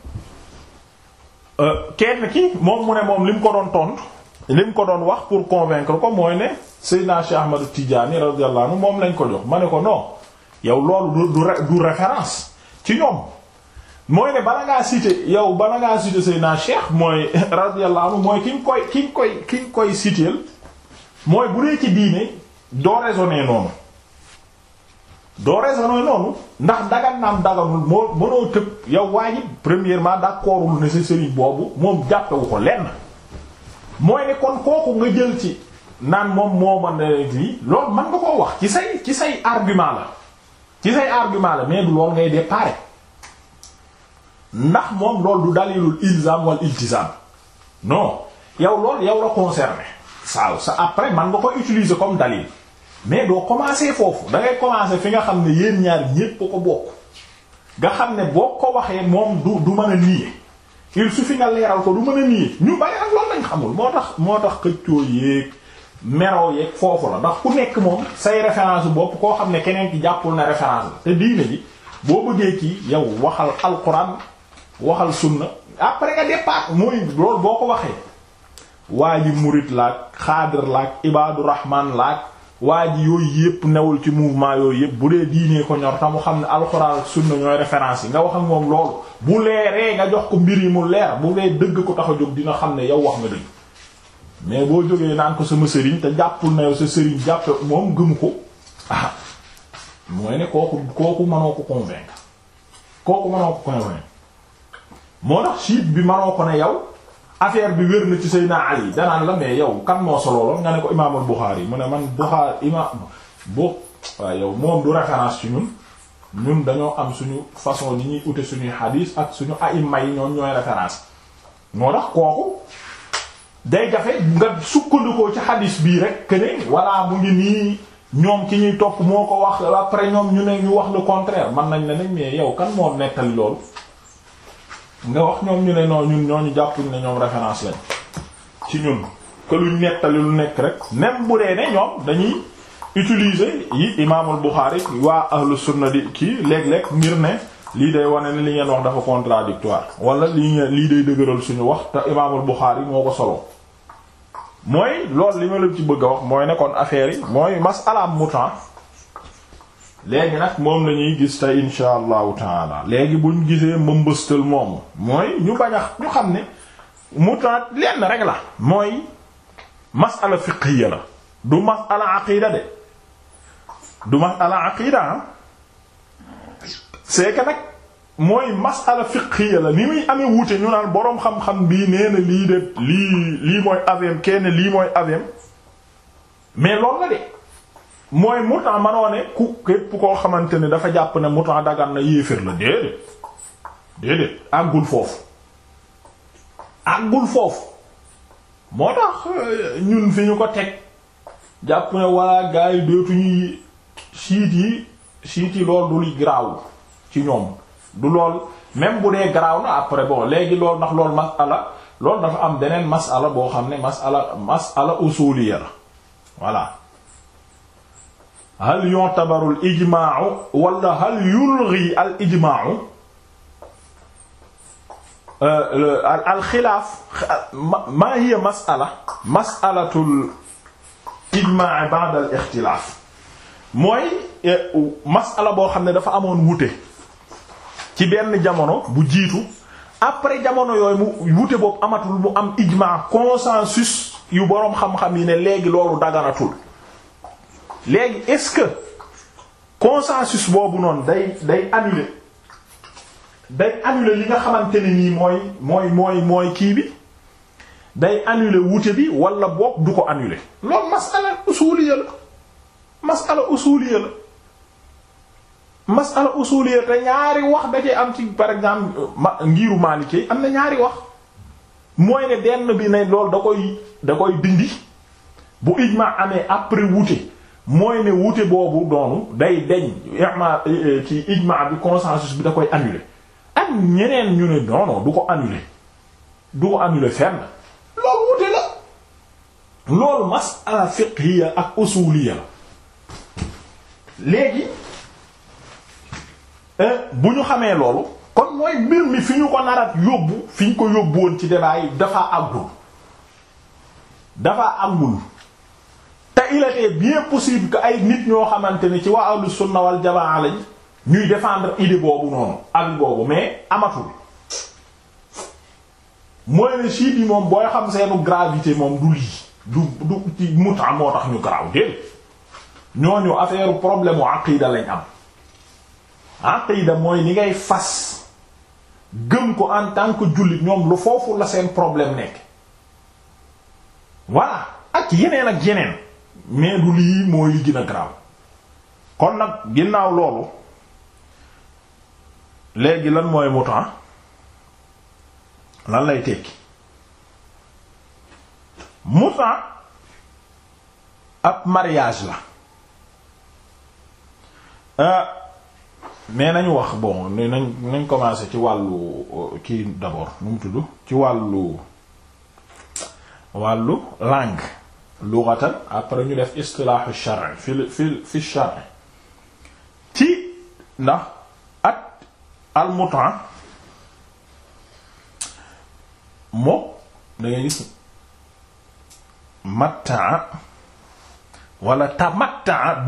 euh, kenn ki moom mu ne moom li mu ko doon tontu li mu ko doon wax pour convaincre ko mooy ne Seydina Cheikh moom lañ ko jox ma ne ko non yow loolu du du référence ci ñoom mooy ne bala ngaa citer yow bala ngaa citer Seydina Cheikh mooy radiyallahu mooy ki nga koy ki nga koy ki nga koy mooy bu dee ci diine doo raisonner noonu. doo raisonner noonu ndax dagan naam moo mënoo tëb yow waa premièrement d'accordul ne sa boobu moom jàppewu ko lenn mooy ne kon kooku nga jël ci naan moom moo mën lii loolu mën nga koo wax ci say ci say argument la ci say argument la mais du loolu ngay déparé ndax moom loolu du dalilul ilzam wal iltizam non yow loolu yow la concerné ça sa après mën nga ko utiliser comme dalil mais doo commencer foofu da ngay commencer fi nga xam ne yéen ñaar ñépp ko bokk nga xam ne boo ko waxee moom du du mën a nier il fi nga leeral ko du mën a nier ñu bari ak loolu lañ xamul moo tax moo tax xëccoo yéeg meroo yeeg foofu la ndax ku nekk moom say référence bopp koo xam ne keneen ki jàppul na référence la te diine ji boo bëggee ci yow waxal alquran waxal sunna après nga départ mooy loolu boo ko waxee waa ji murit laak xaadir laak ibaadu rahman laak waa ji yooyu yëpp newul ci mouvement yooyu yëpp bu dee diinee ko ñor tam xam ne alxuraan ak sunna ñooy référence yi nga wax ak moom loolu bu leeree nga jox ko mbir yi mu leer bu dëgg ko tax a xam ne yow wax nga dëgg mais boo jógee naan ko sama sëriñ te jàppul na yow sa sëriñ jàppe moom gëmu ko ah mooy ne kooku kooku mënoo ko convaincre kooku mënoo ko convaincre moo tax siit bi mënoo ko ne yow affaire bi wér na ci Seydina Ali danaan la mais yow kan moo solo la nga ne ko imaamul Buxaari mu ne man Buxaari imaam bu waaw yow moom du référence ci ñun ñun dañoo am suñu façon ni ñuy ute suñuy xadiis ak suñu aïma yi ñoom ñooy référence moo tax kooku day jafe nga sukkandikoo ci xadiis bii rek que ne mu ngi nii ñoom ki ñuy topp moo ko wax après ñoom ñu ne ñu wax le contraire man nañ ne nag mais yow kan moo nettali loolu nga wax ñoom ñu ne non ñun ñu jàppuñ ne ñoom référence lañ ci ñun que luñ nettali lu nekk rek même bu dee ne ñoom dañuy utiliser yi imaamul Buxaari waa ahlu sunna di kii léeg-léeg ngir ne lii day wane ne li ngeen wax dafa contradictoire wala li ngeen lii day dëgëral suñu wax te imaamul Buxaari moo ko solo mooy loolu li ma la ci bëgg a wax mooy ne kon affaire yi mooy mas'alaam mutan léegi nag moom lañuy gis tey insha allahu taala léegi buñ gisee mbëmbëstal moomu mooy ñu bañ a ñu xam ne muta lenn rek la mooy masala fiqhiya la du masala aqida de du masala aqida ah nag mooy masala fiqhiya la ni muy ame wuute ñu naan boroom xam-xam bii nee lii de lii lii mooy aveem kenn lii mooy aveem mais loolu la de mooy muta manoo ne ku képp koo xamante ne dafa jàpp ne muta dagan na yéefér la déedéet déedéet àggul foofu àggul foofu moo tax euh, ñun fi ñu ko teg jàpp ne waa gars yi dootuñu siit yi siit yi lool dul garaaw ci ñoom du lool même bu dee garaaw na après bon léegi lool ndax lool masala loolu dafa am beneen masala boo xam ne masala masala usuliya la voilà hal yu'tabaru al ijma'u wala hal yulghi al ijma'u al xilaaf ma hiya mas'ala mas'alatul ijmaa' ba'da ixtilaaf mooy mas'ala boo xam ne dafa amoon wuute ci benn jamono bu jiitu après jamono yooyu mu wuute boobu amatul mu am ijmaa' consensus yu boroom xam-xam yi ne léegi loolu dagaratul léegi est-ce que consensus boobu noonu day day annuler day annuler li nga xamante ni nii mooy mooy mooy mooy kii bi day annuler wuute bi walla boog du ko annuler lool masala usuliya la masala usuliya la masala usuliya te ñaari wax da cee am ci par exemple ngiru Maliki am na ñaari wax mooy ne benn bi ne loolu da koy da koy dindi bu ijma amee après wuute mooy ne wuute boobu doonu day deñ ijma eh, ci ijma bi consensus bi da koy annuler ak ñeneen ñu ne non du ko annuler du ko annuler fenn loolu wuute la loolu mas'ala fiqhiya ak usuliya la léegi eh, bu ñu xamee loolu kon mooy mbir mi fi ñu ko narat yóbbu fi ñu ko yóbbu ci débat yi dafa àggul dafa àggul te il était bien possible que ay nit ñoo xamante ni ci waa ahlu sunna wal jamaa lañ ñuy défendre boobu noonu ak boobu mais amatul mooy ne chiites yi moom booy xam seenu gravité moom du lii du du ci moo tax ñu garaaw déedéet ñooñu affaire problème u aqida lañ am aqida mooy ni ngay fas gëm ko en tant que jullit ñoom lu foofu la seen problème nekk voilà ak yeneen ak yeneen mais du lii mooy li gën a kon nag ginnaaw loolu léegi lan mooy muta ah? lan lay tekki muta ak mariage la ah mais nañu wax bon nañ nañ commencer ci wàllu euh, kii d'abord nu mu tudd ci wàllu wàllu langue lughatan après ñu def istilaahu shar'i fi fi fi shar'i ci ndax at al mut'a moom da ngay gis matta'a wala tamatta'a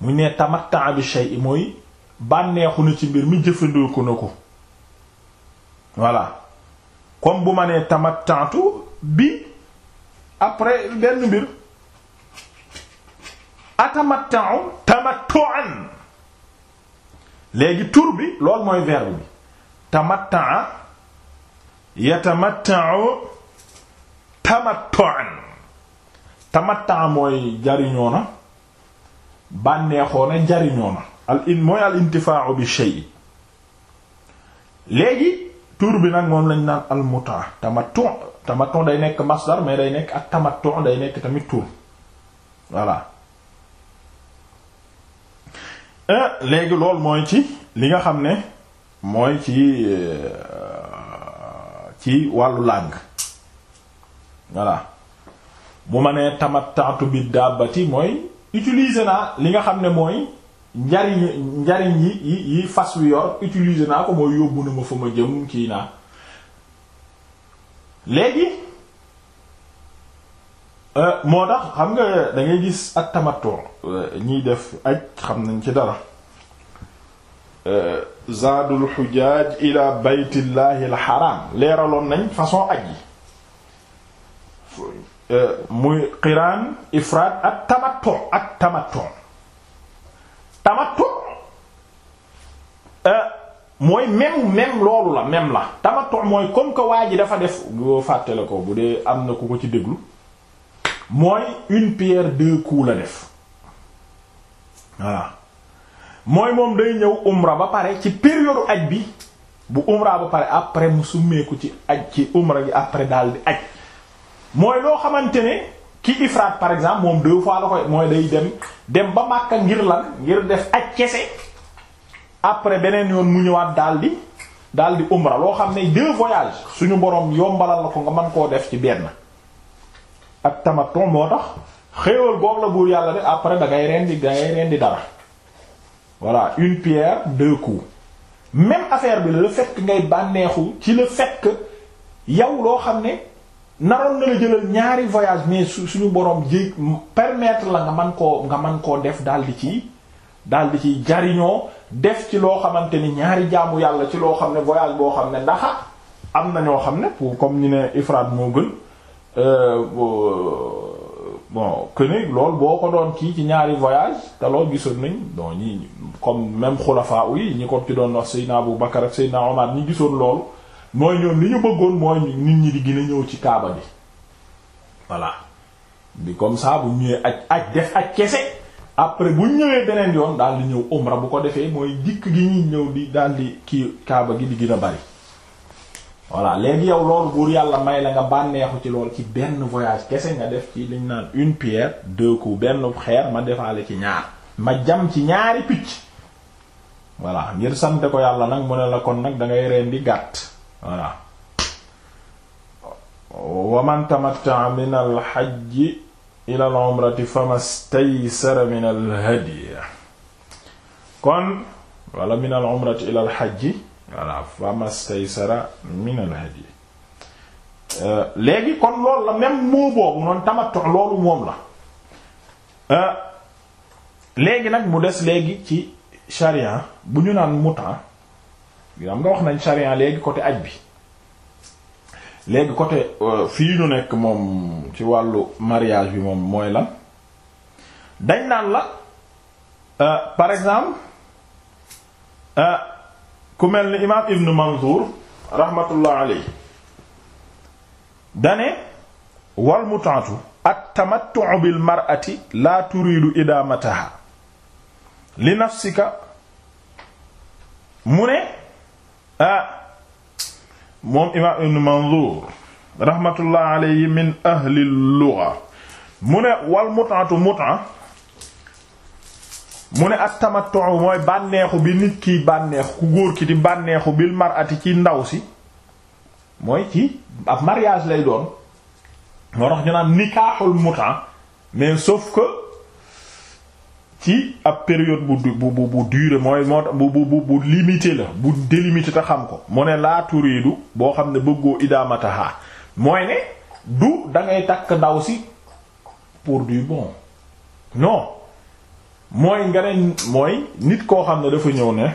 mu ne tamatta'a bi shay'i mooy bànneexu na ci mbir mi jëfandoo ko na ko voilà comme bu ma nee tamatta'tu bi après benn mbir atamatta'u tamattu'an léegi tur bi loolu mooy verbe bi tamatta'a yatamatta'u tamattu'an tamatta'a mooy jariñoo na bànneexoo na jariñoo na al in mooy al intifaa'u bi shay léegi tur bi nag moom lañ naan al mut'a tamattu' tamattu day nekk masdar mais day nekk ak tamattu day nekk tamit tur voilà euh, léegi loolu mooy ci li nga xam ne mooy ci euh, ci wàllu langue voilà bu ma nee tamatu bi dàbbati mooy utiliser naa li nga xam ne mooy njariñ njariñ yi yi fas wi yor utiliser naa ko mooy yóbbu na ma fa ma jëm kii naa léegi euh, moo tax xam nga dangay gis ak tamattu euh, ñiy def aj xam nañ ci dara euh, zaadul xujaaj ila baytillahi alxaram leeraloon nañ façon aj yi muy qiraan ifraad ak tamattu ak tamattu tamattu mooy même même loolu la même la tamattu mooy comme que waa ji dafa def boo fàttale ko bu dee am na ku ko ci déglu mooy une pierre deux coups la def voilà mooy moom day ñëw umra ba pare ci période aj bi bu umra ba pare après mu summeeku ci aj ci umra gi après daal di aj mooy loo xamante ne ki ifraat par exemple moom deux fois la koy mooy day dem dem ba Makka ngir lan ngir def aj kese après beneen yoon mu ñëwaat daal di daal di umra loo xam ne deux voyages suñu boroom yombalal la ko nga man koo def ci benn ak tamattu moo tax xéewal boobu la buur yàlla de après da ngay rendi da ngay rendi dara voilà une pierre deux coups même affaire bi la fait que ngay bànneexu ci la fekk que yow loo xam ne naroon na la jëlal ñaari voyage mais suñu boroom jéeg permettre la nga man koo nga man koo def daal di ci daal di ci jariñoo def ci loo xamante ni ñaari jaamu yàlla ci loo xam ne voyage boo xam ne ndax am na ñoo xam ne pour comme ñu ne ifrad moo gën euh, bon euh, lool boo ko doon kii ci ñaari voyage te loo gisoon nañ don ñi comme même xulafa yi ñi ko ci doon wax Seydina Abu Bakar ak Seydina ñi gisoon loolu mooy ñoom li ñu bëggoon mooy nit ñi di gën a ñëw ci kaaba bi voilà bi comme ça bu ñëwee aj def aj kese après bu ñëwee beneen yoon daal di ñëw umra bu ko defee mooy dikk gi ñu ñëw di daal di kii kaaba gi di gën a bari voilà léegi yow loolu buur yàlla may la nga bànneexu ci lool ci benn voyage kese nga def ci liñ naan une pierre deux coups benn xeer ma defaale ci ñaar ma jam ci ñaari picc voilà ngir sant ko yàlla nag mu ne la kon nag da ngay reen di gàtt voilà waman tamatta min al ila al umrati famastaysara min al hadi kon wala min al umrati ila al hajji wala famastaysara min al hadi euh, léegi kon loolu la même moo boobu noonu tamattu loolu moom la euh, léegi nag mu des léegi ci sharia bu ñu naan muta nga xam nga wax nañ sharia léegi côté aj bi léegi côté euh, fii ñu nekk moom ci wàllu mariage bi moom mooy lan dañ naan la euh, par exemple euh, ku mel ni imaam Ibn Manzour rahmatullah alayhi dane wal mutaatu at tamattu bil mar'ati la turidu idamataha li nafsika mu ne ah moom imaam ibn Manzuur rahmatullah alayhi min ahli lugha mu ne wal mut'atu mut'a mu ne at tamattu mooy bànneexu bi nit kiy bànneexu ku góor ki di bànneexu bil mar'ati ci ndaw si mooy ci ab mariage lay doon moo tax ñu naan nikaaxul mut'a mais sauf que ci ab période bu bu bu bu bu bu bu bu la bu délimité te xam ko mu ne laa turiidu boo xam ne bëggoo idaamataha mooy ne du da ngay takk ndaw si pour du bon non mooy nga ne mooy nit koo xam ne dafa ñëw ne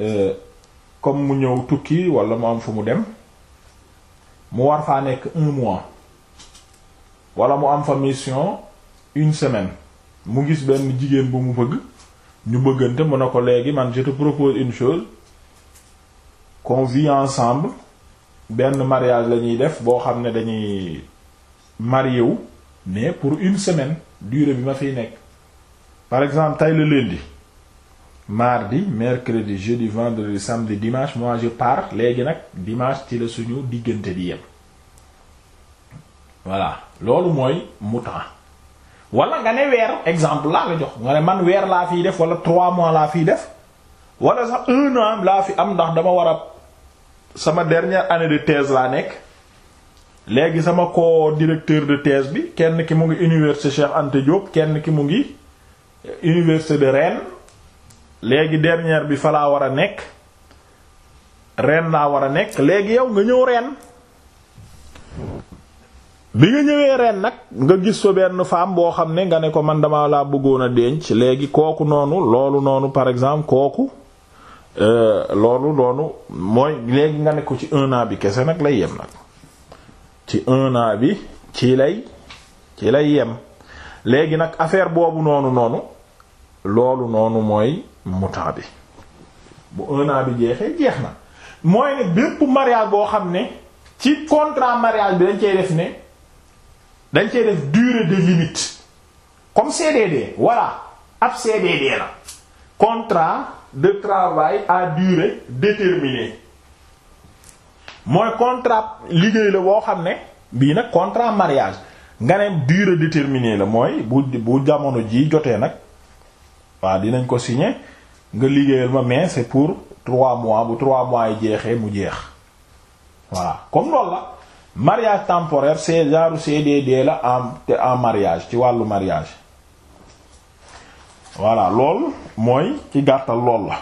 euh, comme mu ñëw tukki walla mu am fu mu dem mu war faa nekk un mois wala mu am fa mission une semaine mu gis benn jigéen bu mu bëgg ñu bëggante mu ne ko léegi man je te propose une chose qu'on vit ensemble benn mariage la ñuy def boo xam ne dañuy marié wu mais pour une semaine dure bi ma fiy nekk par exemple tey le lundi mardi mercredi jeudi vendredi samedi dimanche mois je pars léegi nag dimanche ci la suñu diggante di yem voilà loolu mooy mutaa wala nga ne weer exemple laa la jox nga ne man weer laa fii def wala trois mois laa fii def wala sax un an laa fi am ndax dama war a sama dernière année de thèse laa nekk léegi sama co directeur de thèse bi kenn ki mu ngi université Cheikh Anta Diop kenn ki mu ngi université de Rennes léegi dernière bi fa laa war a nekk Rennes laa war a nekk léegi yow nga ñëw Rennes bi nga ñëwee ren nag nga gis fa benn boo xam ne nga ne ko man dama laa bëggoon a denc léegi kooku noonu loolu noonu par exemple kooku euh, loolu noonu mooy léegi nga ne ko ci un bi kese nag lay yem nag ci un bi ci lay ci lay yem léegi nag affaire boobu noonu noonu loolu noonu mooy mutaa bi bu un bi jeexee jeex na mooy ne bépp mariage boo xam ne ci contrat mariage bi dañ cey def ne dañ cee def durée de limite comme CDD voilà ab CDD la contrat de travail à durée déterminée mooy contrat liggéey la boo xam ne bii nag contrat mariage nga ne durée déterminée la mooy bu bu jamono ji jotee nag waa dinañ ko signer nga liggéeyal ma mais c'est pour trois mois bu trois mois yi jeexee mu jeex voilà comme loolu la mariage temporaire c'est genre CDD la en en mariage ci wàllu mariage voilà lool mooy ci gàttal lool la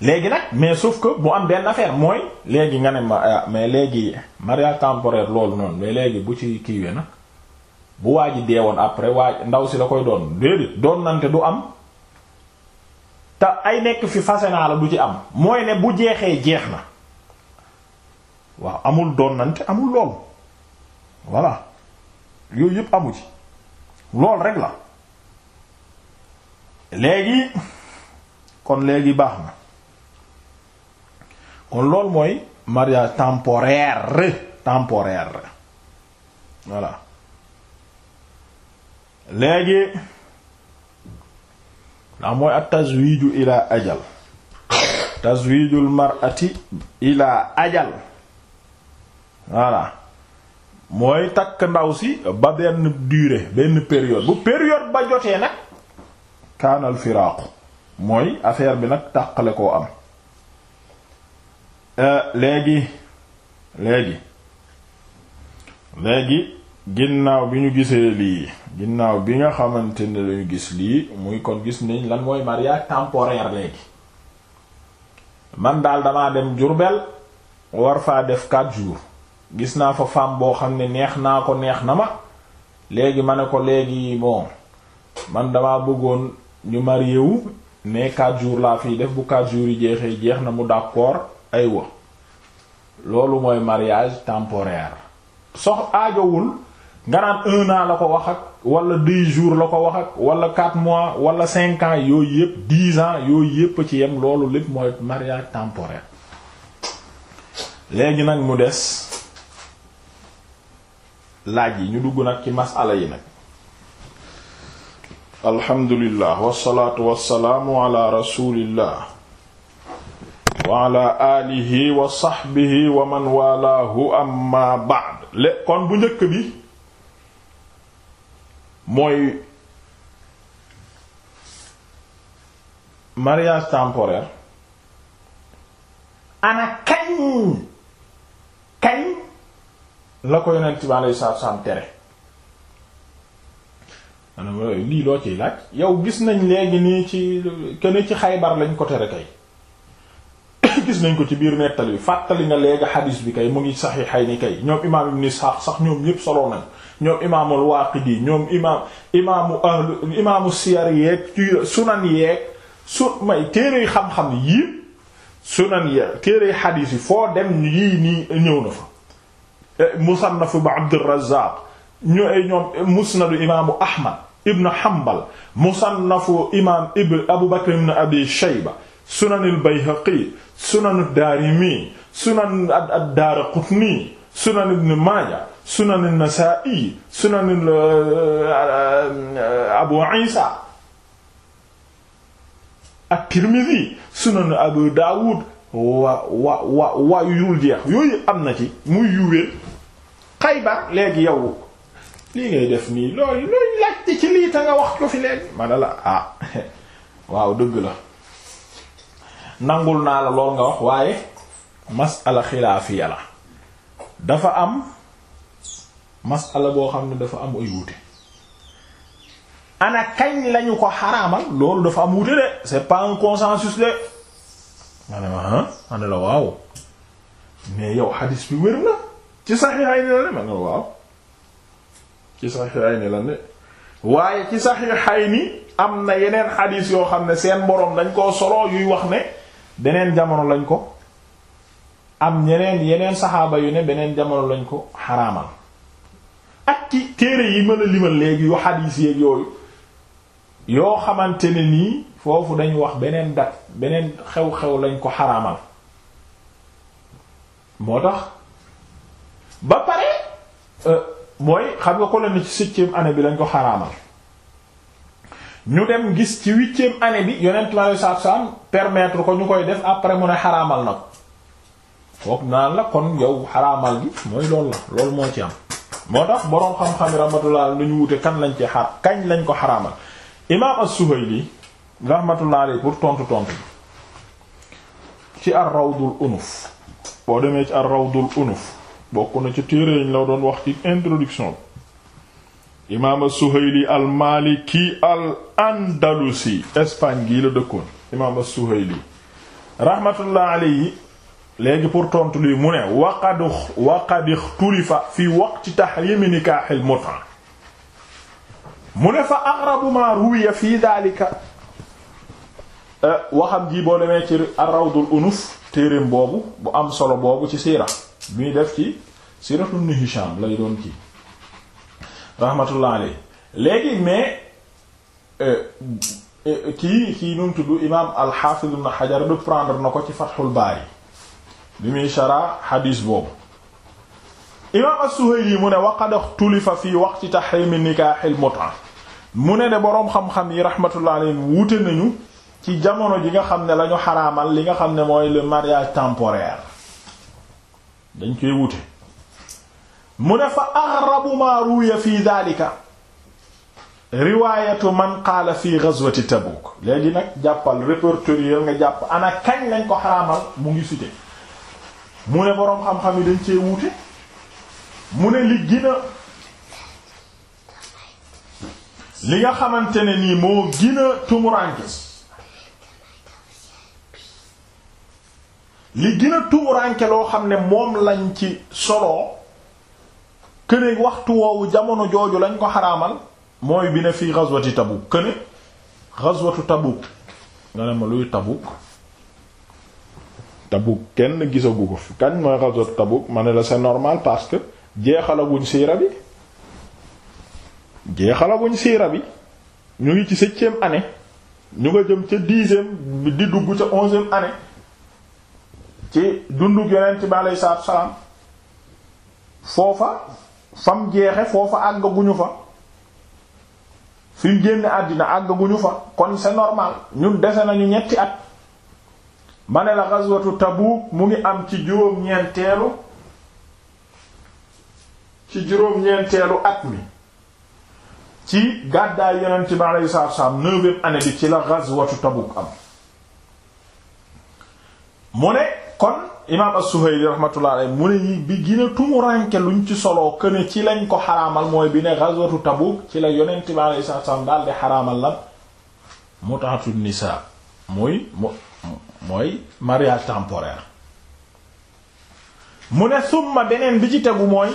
léegi nag mais sauf que bu am benn affaire mooy léegi nga ne ma ah, mais léegi mariage temporaire loolu noonu mais léegi bu ci kiiwee nag bu waa ji woon après waa ndaw si la koy doon déedéet doon nante du am te ay nekk fi fase naa la du ci am mooy ne bu jeexee jeex na waaw amul doon donnante amul lool voilà yooyu yëpp amu ci lool rek la léegi kon léegi baax na kon loolu mooy mariage temporaire temporaire voilà léegi ndax mooy at tazwiju ila ajal tazwijul mar'ati ila ajal voilà mooy takk ndaw si ba benn durée benn période bu période ba jotee nag kaanal firaaqu mooy affaire bi nag tàqale koo am euh, léegi léegi léegi ginnaaw bi ñu gisee lii ginnaaw bi nga xamante ne lañu gis lii muy kon gis ni lan mooy mariage temporaire léegi man daal damaa dem Jurbel war faa def quatre jours gis naa fa femme boo xam ne neex naa ko neex na ma léegi ma ne ko léegi bon man damaa bëggoon ñu marié wu mais quatre jours laa fii def bu quatre jour yi jeexee jeex na mu d'accord aywa loolu mooy mariage temporaire sox aajowul nga naan un an la ko wax ak wala deux jours la ko wax ak wala quatre mois wala cinq yooyu yëpp dix ans yooyu yëpp ci yem loolu lépp mooy mariage temporaire léegi nag mu des laaj yi ñu dugg nag ci masala yi nag alhamdulillah wassalaatu wassalaamu ala rasulillah wa ala alihi wa sahbihi wa man walaahu amma le kon bu njëkk bi mooy mariage temporaire ana kañ kañ la ko yonent bi alayhi salaatu salaam tere eh, lii loo ciy laaj yow gis nañ léegi nii ci kenn ci xaybar lañ ko tere kay gis nañ ko ci biir nettali bi fàttali nga léegi xadiis bi kay mu ngi saxiixayni kay ñoom imaam ibn Isxaaq sax ñoom ñépp solo nañ ñoom imaamul Waaqidi ñoom imaam imaamu ahlu imaamu siyar yeeg sunan yeeg su may téere xam-xam yii sunan yeeg téere xadiis yi foo dem yii nii ñëw na fa musannaf bu Abdurrazzaq ñu ay ñoom musnadu imaamu Ahmad ibn Hanbal musannafu imaam ibn Abu Bakr ibn Abi Shayba sunan al-Bayhaqi sunan ad-Daarimi sunan ad-Daaraqutni sunan ibn Maaja sunan an-Nasaa'i sunan uh, uh, Abu Iisa at-Tirmidhi sunan Abu Daawud waa wa wa wa yu dul jeex yooyu am na ci muy yuweel Xaybar léegi yow lii ngay def nii loolu looy laajte ci lii ta nga wax ko fi léegi ma la ah waaw dëgg la nangul naa la lool nga wax waaye masala xilaafiya la dafa am masala boo xam ne dafa am ay wuute ana kañ lañu ko xaraamal loolu dafa am wuute de c'est pas un consensus de ma ne ma ma ne la waaw mais yow xadis bi wér na ci saxiixayni la ne ma ne la waaw ci saxiixayni la ne waaye ci saxiixayni am na yeneen xadis yoo xam ne seen boroom dañ koo solo yuy wax ne beneen jamono lañ ko am ñeneen yeneen saxaaba yu ne beneen jamono lañ ko xaraamal ak ci téere yi mën a limal léegi yu xadis yeeg yooyu yoo xamante ne nii foofu dañ wax beneen dat beneen xew-xew lañ ko xaraamal moo tax ba pare euh, mooy xam nga ko la ci septième année bi lañ ko xaraamal ñu dem gis ci huitième année bi yonent ma saab saab permettre ko ñu koy def après mu ne xaraamal na ko foog naan la kon yow xaraamal gi mooy loolu la loolu moo ci am moo tax boroom xam-xam yi rahmatullah lu ñu wute kan lañ ci xar kañ lañ ko xaramal imaam as-Suhayli rahmatullah alayhi pour tontu tontu ci ar-Rawdul Unuf boo demee ci ar-Rawdul Unuf bokk na ci téere yi ñu la doon wax ci introduction bi imaam as-Suhayli al-Maliki al-Andalusi Espagne gii la dëkkoon imaam as-Suhayli rahmatullah alayhi léegi pour tontu lii mu ne waqad waqad ixtulifa fi waqti tahrimi nikaahil mut'a mu ne fa aghrabu ma ruwiya fi daalika euh, waxam jii boo demee ci ar-rawdul unuf téereem boobu bu am solo boobu ci siira muy def ci siiratu ibn Hisham lay doon kii rahmatullah alayhi léegi mais euh, euh, kii kii nu tudd imaam al-Hafiz ibn Hajar reprendre na ko ci Fathul Bari bi muy shara xadiis boobu imaam as-Suhayli mu ne waqad ixtulifa fi waqti tahrimi nikaahil mut'a mu ne de boroom xam-xam yi rahmatullah alayhim wuute nañu ci jamono ji nga xam ne lañu xaraamal li nga xam ne mooy le mariage temporaire dañ koy wuute mu ne fa aghrabu ma ruwiya fi daalika riwaayatu man qaala fi ghazwati Tabuk léegi nag jàppal répertorier nga jàpp ana kañ lañ ko xaraamal mu ngi cité mu ne boroom xam-xam yi dañ cee wuute mu ne li gën li nga xamante ne nii moo gën a tumuranke li gën a loo xam ne moom lañ ci solo këne waxtu woowu jamono jooju lañ ko xaraamal mooy bi ne fii ghazwati Tabuk këne ghazwatu Tabuk nga ne ma luy Tabuk Tabuk kenn gisagu ko fi kañ mooy ghazwatu Tabuk ma ne la c'est normal parce jeexalaguñ siira bi jeexalaguñ siira bi ñu ngi ci septième année ñu nga jëm ca dixième di dugg ca onzième année ci dundug yonent bi aleyhi salaatu salaam foofa fam jeexe foofa àggaguñu fa fi mu àddina àggaguñu fa kon c'est normal ñun dese nañu ñetti at ma ne la ghazwatu Tabuk mu ngi am ci juróom-ñeenteelu ci juróom-ñeenteelu at mi ci gàddaay yonent bi alayhi bi ci la ghazwatu Tabuk am mu ne kon imaam as-Suhayli rahmatullah alayhi mu ne yi bi gën a tumuranke luñ ci soloo këne ci lañ ko xaraamal mooy bi ne ghazwatu Tabuk ci la yonent bi alayhi salaatu wassalaam daal di xaraamal lan mut'atun nisaa muy mu mooy mariage temporaire mu ne summa beneen bi ci tegu mooy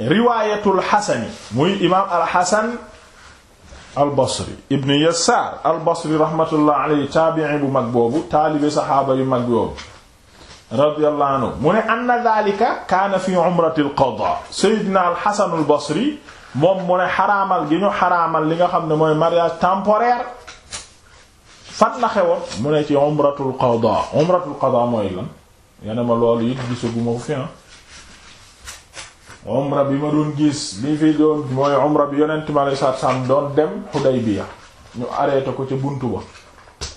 riwaayatul xasani muy imaam alxasan albasri ibn yasaar albasri rahmatullah alayhi taabi'i bu mag boobu taalibe saxaaba yu mag boobu radiyallahu anhu mu ne anna daalika kaana fi umratil qadaa seydina alxasan albasri moom mu ne xaraamal gi ñu xaraamal li nga xam ne mooy mariage temporaire fan la xewoon mu ne ci umratul qadaa umratul qadaa mooy lan yana ma loolu it gisaguma ko fi ah. umra bi ma doon gis li fi doon mooy umra bi yonent ma lay saat sam doon dem Hudaybiya ñu arrêté ko ca buntu ba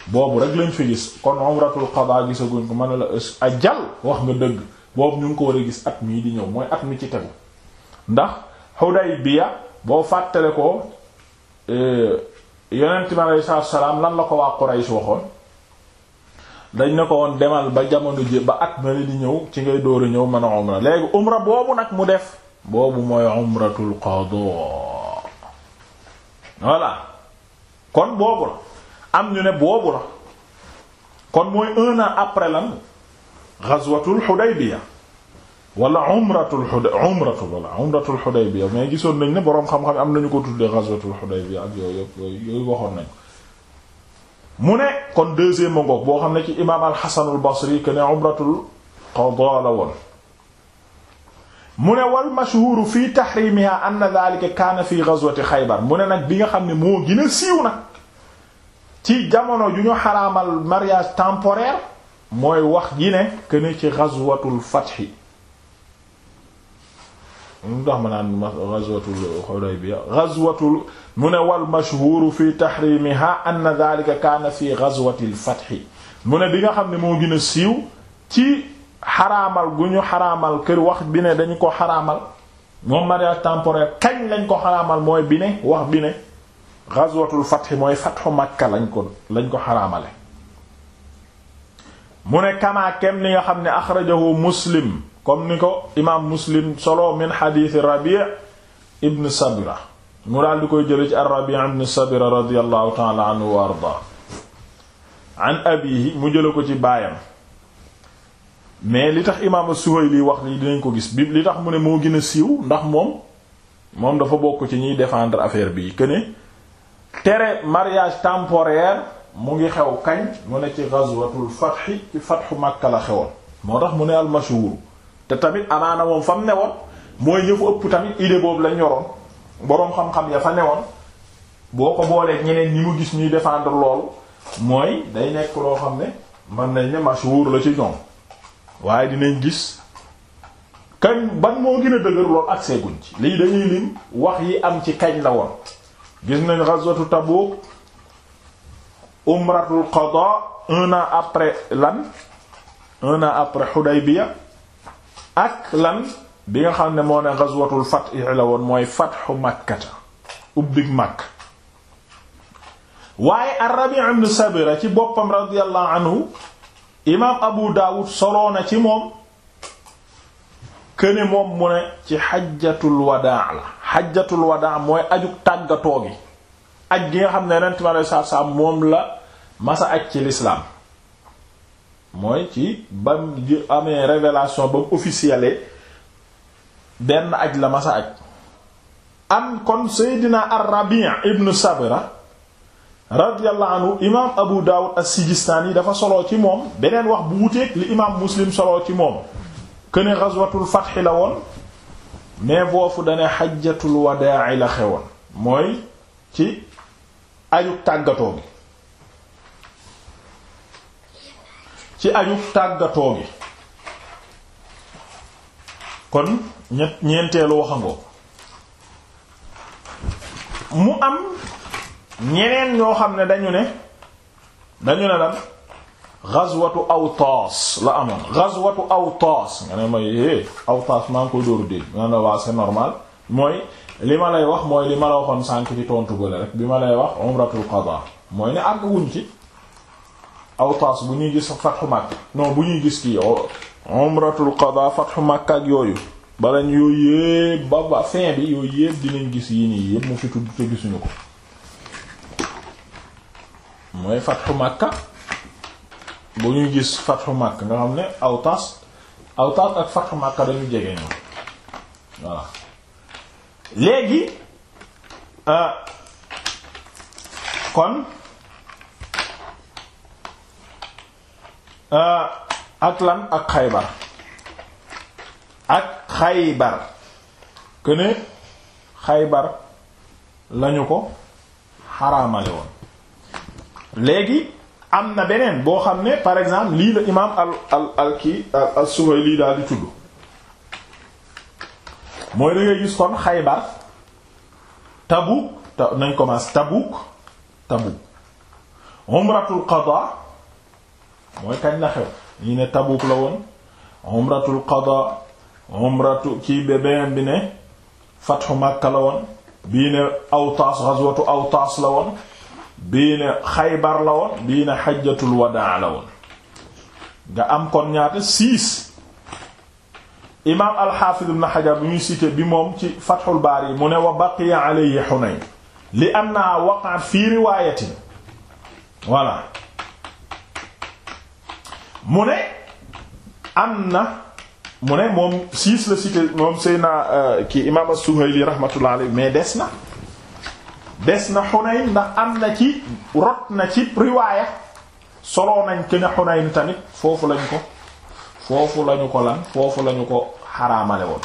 boobu rek lañ fi gis kon umratul qada gisaguñ ko mën a la ës ajal wax nga dëgg boobu ñu ngi ko war a gis at mii di ñëw mooy at mi ci tegu ndax Hudaybiya boo fàttale ko e, yonent mi aleyhi lan la ko waa Quraysh waxoon dañ ne ko woon demal ba jamono ji ba at ma di ñëw ci ngay dóor a ñëw mën a umra léegi umra boobu nag mu def boobu mooy umratul qada voilà kon boobu la am ñu ne boobu la kon mooy un an après lan ghazwatul Hudaybiya wala umratul Huda umratul wala umratul Hudaybiya mais gisoon nañ ne boroom xam-xam am nañu ko tuddee ghazwatul Hudaybiya ak yooyu yooyu yooyu waxoon nañ mu ne kon deuxième ngoog boo xam ne ci imaam al-Hasan al-Basri que ne umratul qada la woon. mu ne wal mashhuuru fii tahrimiha anna dhalika kaana fi ghazwati xaybar mu ne nag bi nga xam ne moo gën siw siiw ci jamono ju ñu xaraamal mariage temporaire mooy wax ji ne këne ci ghazwatul fathi mu tax ma naan ghazwatul hudaybiya mu ne wal mashhuuru fii tahrimiha anna kaana fi ghazwatil fathi bi nga xam ne moo gën a siiw ci xaraamal gu ñu xaraamal kër wax bi ne dañu ko xaraamal moom mariage temporaire kañ lañ ko xaraamal mooy bine wax bi ne ghazwatul fath mooy fathu Makka lañ ko lañ ko xaraamale mu ne kamaa kem ni nga xam ne axrajahu muslim comme ni ko imaam muslim solo min xadiis rabi' ibn sabira mu daal di koy jële ci ar-rabi' ibn sabira radiyallahu ta'ala anhu wa ardaa an abiihi mu jële ko ci baayam mais li tax imaam as-Suhayli wax lii dinañ ko gis bi li tax mu ne moo gin a siiw ndax moom moom dafa bokk ci ñuy défendre affaire bii que ne tere mariage temporaire mu ngi xew kañ mu ne ci ghazwatul fath ci fathu Makka la xewoon moo tax mu ne al-mashhur te tamit anaana moom fa mu newoon mooy ñëfu ëpp tamit idée boobu lañ yoroon boroom xam-xam ya fa newoon boo ko boolee ñeneen ñi mu gis ñuy défendre loolu mooy day nekk loo xam ne mën nañ ne mashhur la ci ñoom waaye dinañ gis kañ ban moo gën a dëgër loolu ak seeguñ ci lii dañuy lim wax yi am ci kañ la woon gis nañ ghazwatu Tabuk umratul qada un an après lan un an après Hudaybiya ak lan bi nga xam ne moo ne ghazwatul fath la woon mooy fathu Makkata ubbig Makka waaye ar-Rabi' ibn Sabira ci boppam radiyallahu anhu imaam Abu Dawud soloo na ci moom këne moom mu ne ci xajjatul wadaa la xajjatul wadaa mooy aju tàggatoo gi aj gi nga xam ne yonent mi moom la masa aj ci l'islam mooy ci bam amee révélation ba mu officielle benn aj la masa aj am kon Seydina ar-Rabi' ibn Sabra radiyallahu anhu imaam Abu Dawud as-Sijistaani dafa soloo ci moom beneen wax bu wuteeg li imaam Muslim soloo ci moom këne ghazwatul fath la woon mais boofu dane xajjatul wadaa la xewoon mooy ci ajug tàggatoo gi ci ajug tàggatoo gi kon ñett ñeenteelu waxangoo mu am ñeneen ñoo xam ne dañu ne dañu ne lan ghazwatu Awtaas la amoon ghazwatu Awtaas nga ne may eh, Awtaas maa ngi koy dóoru dégg nga ne waa c'est normal mooy li ma lay wax mooy li ma la waxoon sànk ci tontu bële rek bi ma lay wax umratul qada mooy ni àgg wuñ ci Awtaas bu ñuy gis fatxu Makka non bu ñuy gis ki umratul qada fatxu Makka ak yooyu balañ yooyu yépp ba ba bi yooyu yépp dinañ gis yi nii yépp fi tudd te gisuñu ko mooy fatxu Makka bu ñuy gis fatxu Makka nga xam ne Awtaas Awtaas ak fatxu Makka dañu jege ñoom voilà léegi euh, kon euh, ak lan ak Xaybar ak Xaybar que Xaybar lañu ko xaraamale woon léegi am na beneen boo xam ne par exemple lii la imaam al al al kii al Suhayli daal di tudd mooy da gis kon Xaybar Tabuk ta nañ commence Tabuk Tabuk umratul qada mooy kañ la xew ñii ne Tabuk la woon umratul qada umratu kii beneen bi ne fathu Makka la woon bii ne Awtaas ghazwatu Awtaas la woon bii ne xaybar la woon bii ne xajjatul wadaa la woon nga am kon ñaata six imaam alxaafid ibn xajar bi ñuy cité bi moom ci fathul baari mu ne wa baqiya alayhi xunayn li annaha waqa'at fi riwaayatin voilà mu ne am na mu ne moom six la cité moom sëy naa euh, ki imaam as-suhayli rahmatullah alayhi mais des na des na Xunayn ndax am na ci rot na ci riwaaya soloo nañ ki ne Xunayn tamit foofu lañ ko foofu lañu ko lan foofu lañu ko xaramale woon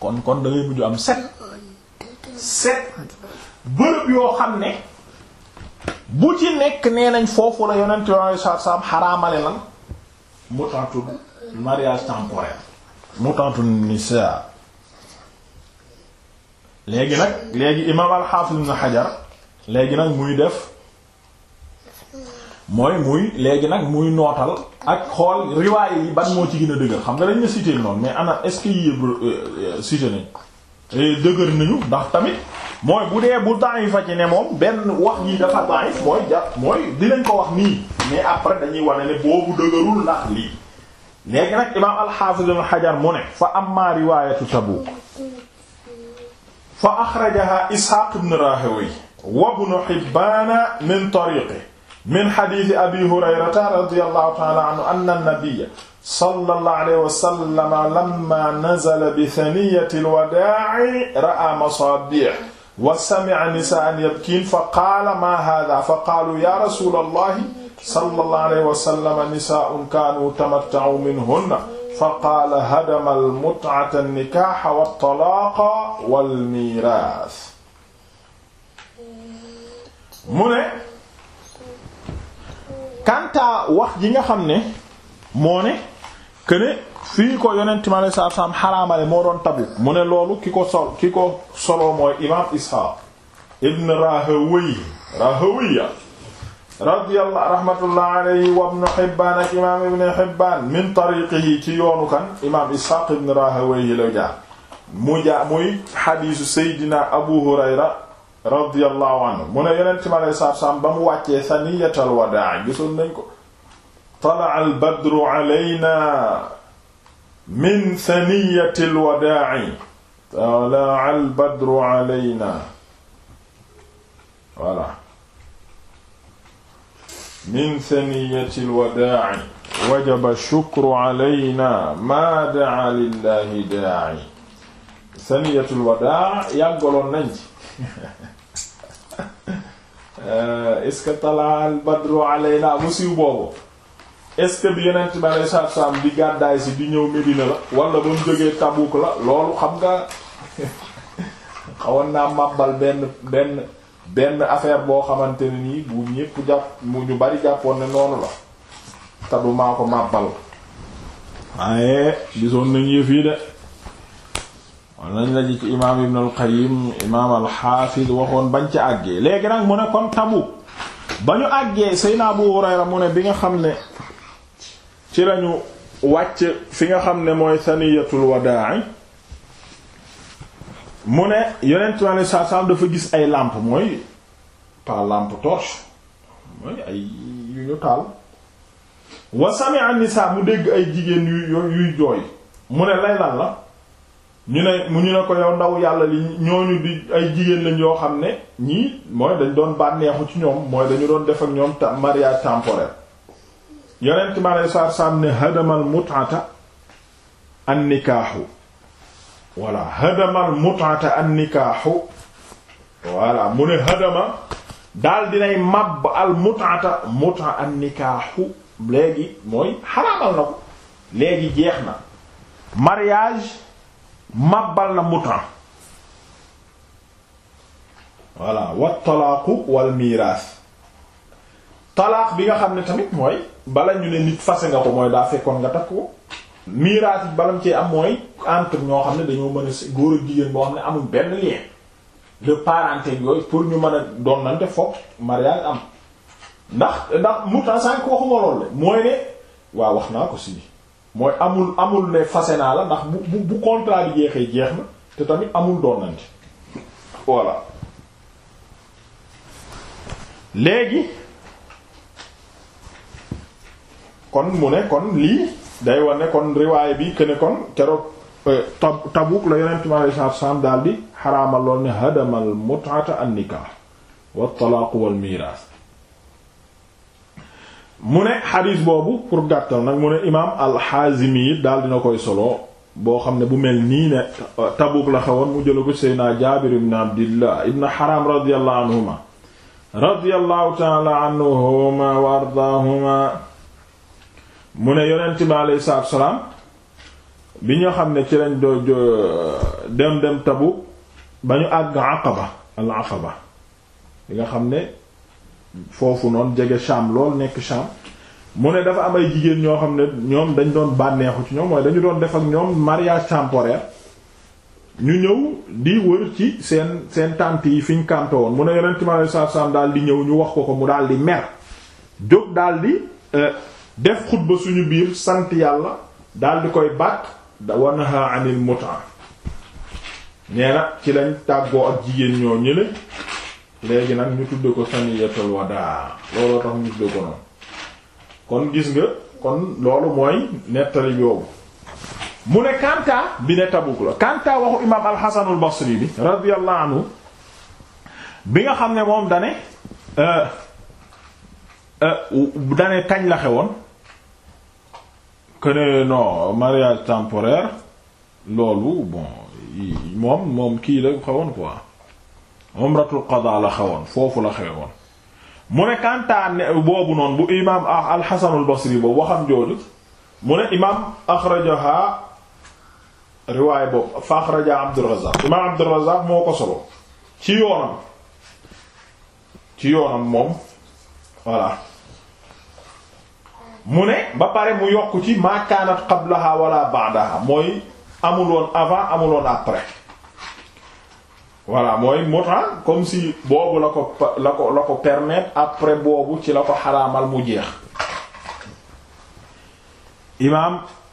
kon kon da mujj am set set bërëb yoo xam ne bu ci nekk nee nañ foofu la yonent yonent saab saab xaraamale lan mu tantu mariage temporaire mu tantu nisaa léegi nag léegi imaam al-Hafiz Ibn léegi nag muy def mooy muy léegi nag muy nootal ak xool riwaaye yi ban moo ci gën a dëgër xam nga dañ na cité noonu mais ana est-ce que yëpp euh, cité nañ dëgër nañu ndax tamit mooy bu dee bu da'ifa ci ne moom benn wax yi dafa da'if mooy jàpp mooy dinañ ko wax nii mais après dañuy wane ne boobu dëgërul ndax lii léegi nag imaam al-Hafiz Ibn Hajar mu ne fa amma riwaayatu Tabuk fa axrajaha isxaaq ibn rahawey wa ibn hibbaana min tariiqi min xadiisi abi hurayrata radiyallahu ta'ala anhu anna nabiyya sallallahu alayhi wa sallam lamma nazala bi thaniyyati al-wadaa'i ra'a masaabiih wa sami'a nisaa'an yabkiin fa qaala maa haadhaa fa qaaluu yaa rasuulallahi sallallahu alayhi wa sallam nisaa'un kaanuu tamatta'uu minhunna fa qaala hadama almut'ata alnikaaxa waltalaaqa walmiiraas mu ne kantaa wax ji nga xam ne moo ne këne fii ko yonent mi alei satu salaam moo doon Tabuk mu ne loolu ki ko sol imaam Isxaaq ibn Rahawayh Rahawayh radiyallahu rahmatullahi alayhi wa ibn Hibbaan ak imaam ibn Hibbaan min tariqihi ci yoonu kan imaam Isxaaq ibn Rahawayhi la jaar mu jaa muy xadiisu Seydina Abu Hurayra radiyallahu anhu mu ne yonent mi alayhi salaatu salaam ba mu wàccee saniyatal wadaa gisoon nañ ko tala'a al-badru alaynaa min saniyatil wadaa tala'a al-badru alaynaa voilà min saniyatil wadaa'i wajaba shukru alayna maa daa lillahi daa'i saniyatul wadaa yàggaloon nañ ci eh, est-ce que talaal badru alayna mu siiw boobu est-ce que bi yeneen ci bare saab-saab di gàddaay si di ñëw Medina la wala ba mu jógee Tabuk la loolu xam nga xawoon naa màbbal benn benn benn affaire boo xamante ne nii bu ñépp jàpp mu ñu bari jàppoon ne noonu la te du maa ko màbbal waaye gisoon nañu yëf de wal nañ la ji ci imaam ibn al imaam al waxoon bañ ci àggee léegi nag mu ne kon tabu ba ñu àggee sayna abu hurayra mu ne bi nga xam ne ci lañu wàcc fi nga xam ne mooy saniyatul wadaa mu ne yonent mi alayhi salaatu dafa gis ay làmp mooy pas lampe torche mooy ay yu ñu taal wa sami'a nisaa mu dégg ay jigéen yu yuy jooy mu ne lay lan la ñu ne mu ñu ne ko yow ndaw yàlla li ñooñu di ay jigéen lañ yoo xam ne ñii mooy dañ doon bànneexu ci ñoom mooy dañu doon def ak ñoom mariage temporaire yonent mi alayhi salaatu salaam ne mut'ata an nikaahu voilà hadamal mut'ata an nikaahu voilà mu ne hadama daal dinay màbb al mut'ata mut'a an léegi mooy xaraamal na ko léegi jeex na mariage màbbal na mut'a voilà wat talaaqu wal miiraas talaax bi nga xam ne tamit mooy bala ñu ne nit fase nga ko mooy daa fekkoon nga takk ko miraas yi balam ci am mooy entre ñoo xam ne dañoo mën a góor ak jigéen boo xam ne amul benn lien de parenté yooyu pour ñu mën a doonante foog mariage am ndax ndax muta sànq waxuma loolu de mooy ne waaw wax naa ko si mooy amul amul ne fase naa la ndax bu bu contrat bi jeexee jeex na te tamit amul doonante voilà léegi kon mu ne kon lii day war ne kon riwaay bi que ne kon keroog euh, tab Tabuk la yonent mi alayhi salaatu salaam daal di xaraamal lool ne hadamal mut'ata an nikaah wa talaaq wal miiraas mu ne xadiis boobu pour gàttal nag mu ne imaam alxaazimi yi daal dina koy solo boo xam ne bu mel nii ne Tabuk la xewoon mu jëla ko Seydina Jaabir ibn Abdillah ibn Haram radiyallahu anhuma radiyallahu ta'ala anhuma wa ardaahuma mu ne yonent bi aleyhi salaam bi ñoo xam ne ci lañ doo dem dem tabu ba ñu àgg aqaba ba aqaba bi nga xam ne foofu noonu jege Sham lool nekk Sham mu ne dafa am ay jigéen ñoo xam ne ñoom dañ doon bànneexu ci ñoom mooy dañu doon def ak ñoom mariage temporaire ñu ñëw di wër ci seen seen tànt yi fi ñu kànte woon mu ne yonent bi aleyhi salaam daal di ñëw ñu wax ko ko mu daal di mer jóg daal di. Euh, def xutba suñu biir sant yàlla daal di koy bàkk da wanaha anil muta nee na ci lañ tàggoo ak jigéen ñoo ñële léegi nag ñu tudd ko saniyatul wadaa looloo tax ñu tudd ko noonu kon gis nga kon loolu mooy nettali boobu mu ne Kanta bi ne Tabuk la Kanta waxu imaam alxasanul basri bi radiyallahu anhu bi nga xam ne moom dane euh, euh, dane kañ la xewoon que ne mariage temporaire loolu bon moom moom kii la xewoon quoi umratul qada la xewoon foofu la xewoon mu ne kantaan boobu noonu bu imaam ah, alxasanul basri boobu waxam jooju mu ne imaam axrajaha riwaay boobu fa axraja abdurazaq imaam abdurazaq moo ko solo ci yoonam ci yoonam moom mu ne ba pare mu yokk ci ma kaanat qablaha wala ba'daha mooy amuloon avant amuloon après voilà mooy mota comme si boobu la ko la ko la ko permettre après boobu ci la ko xaraamal mu jeex imaam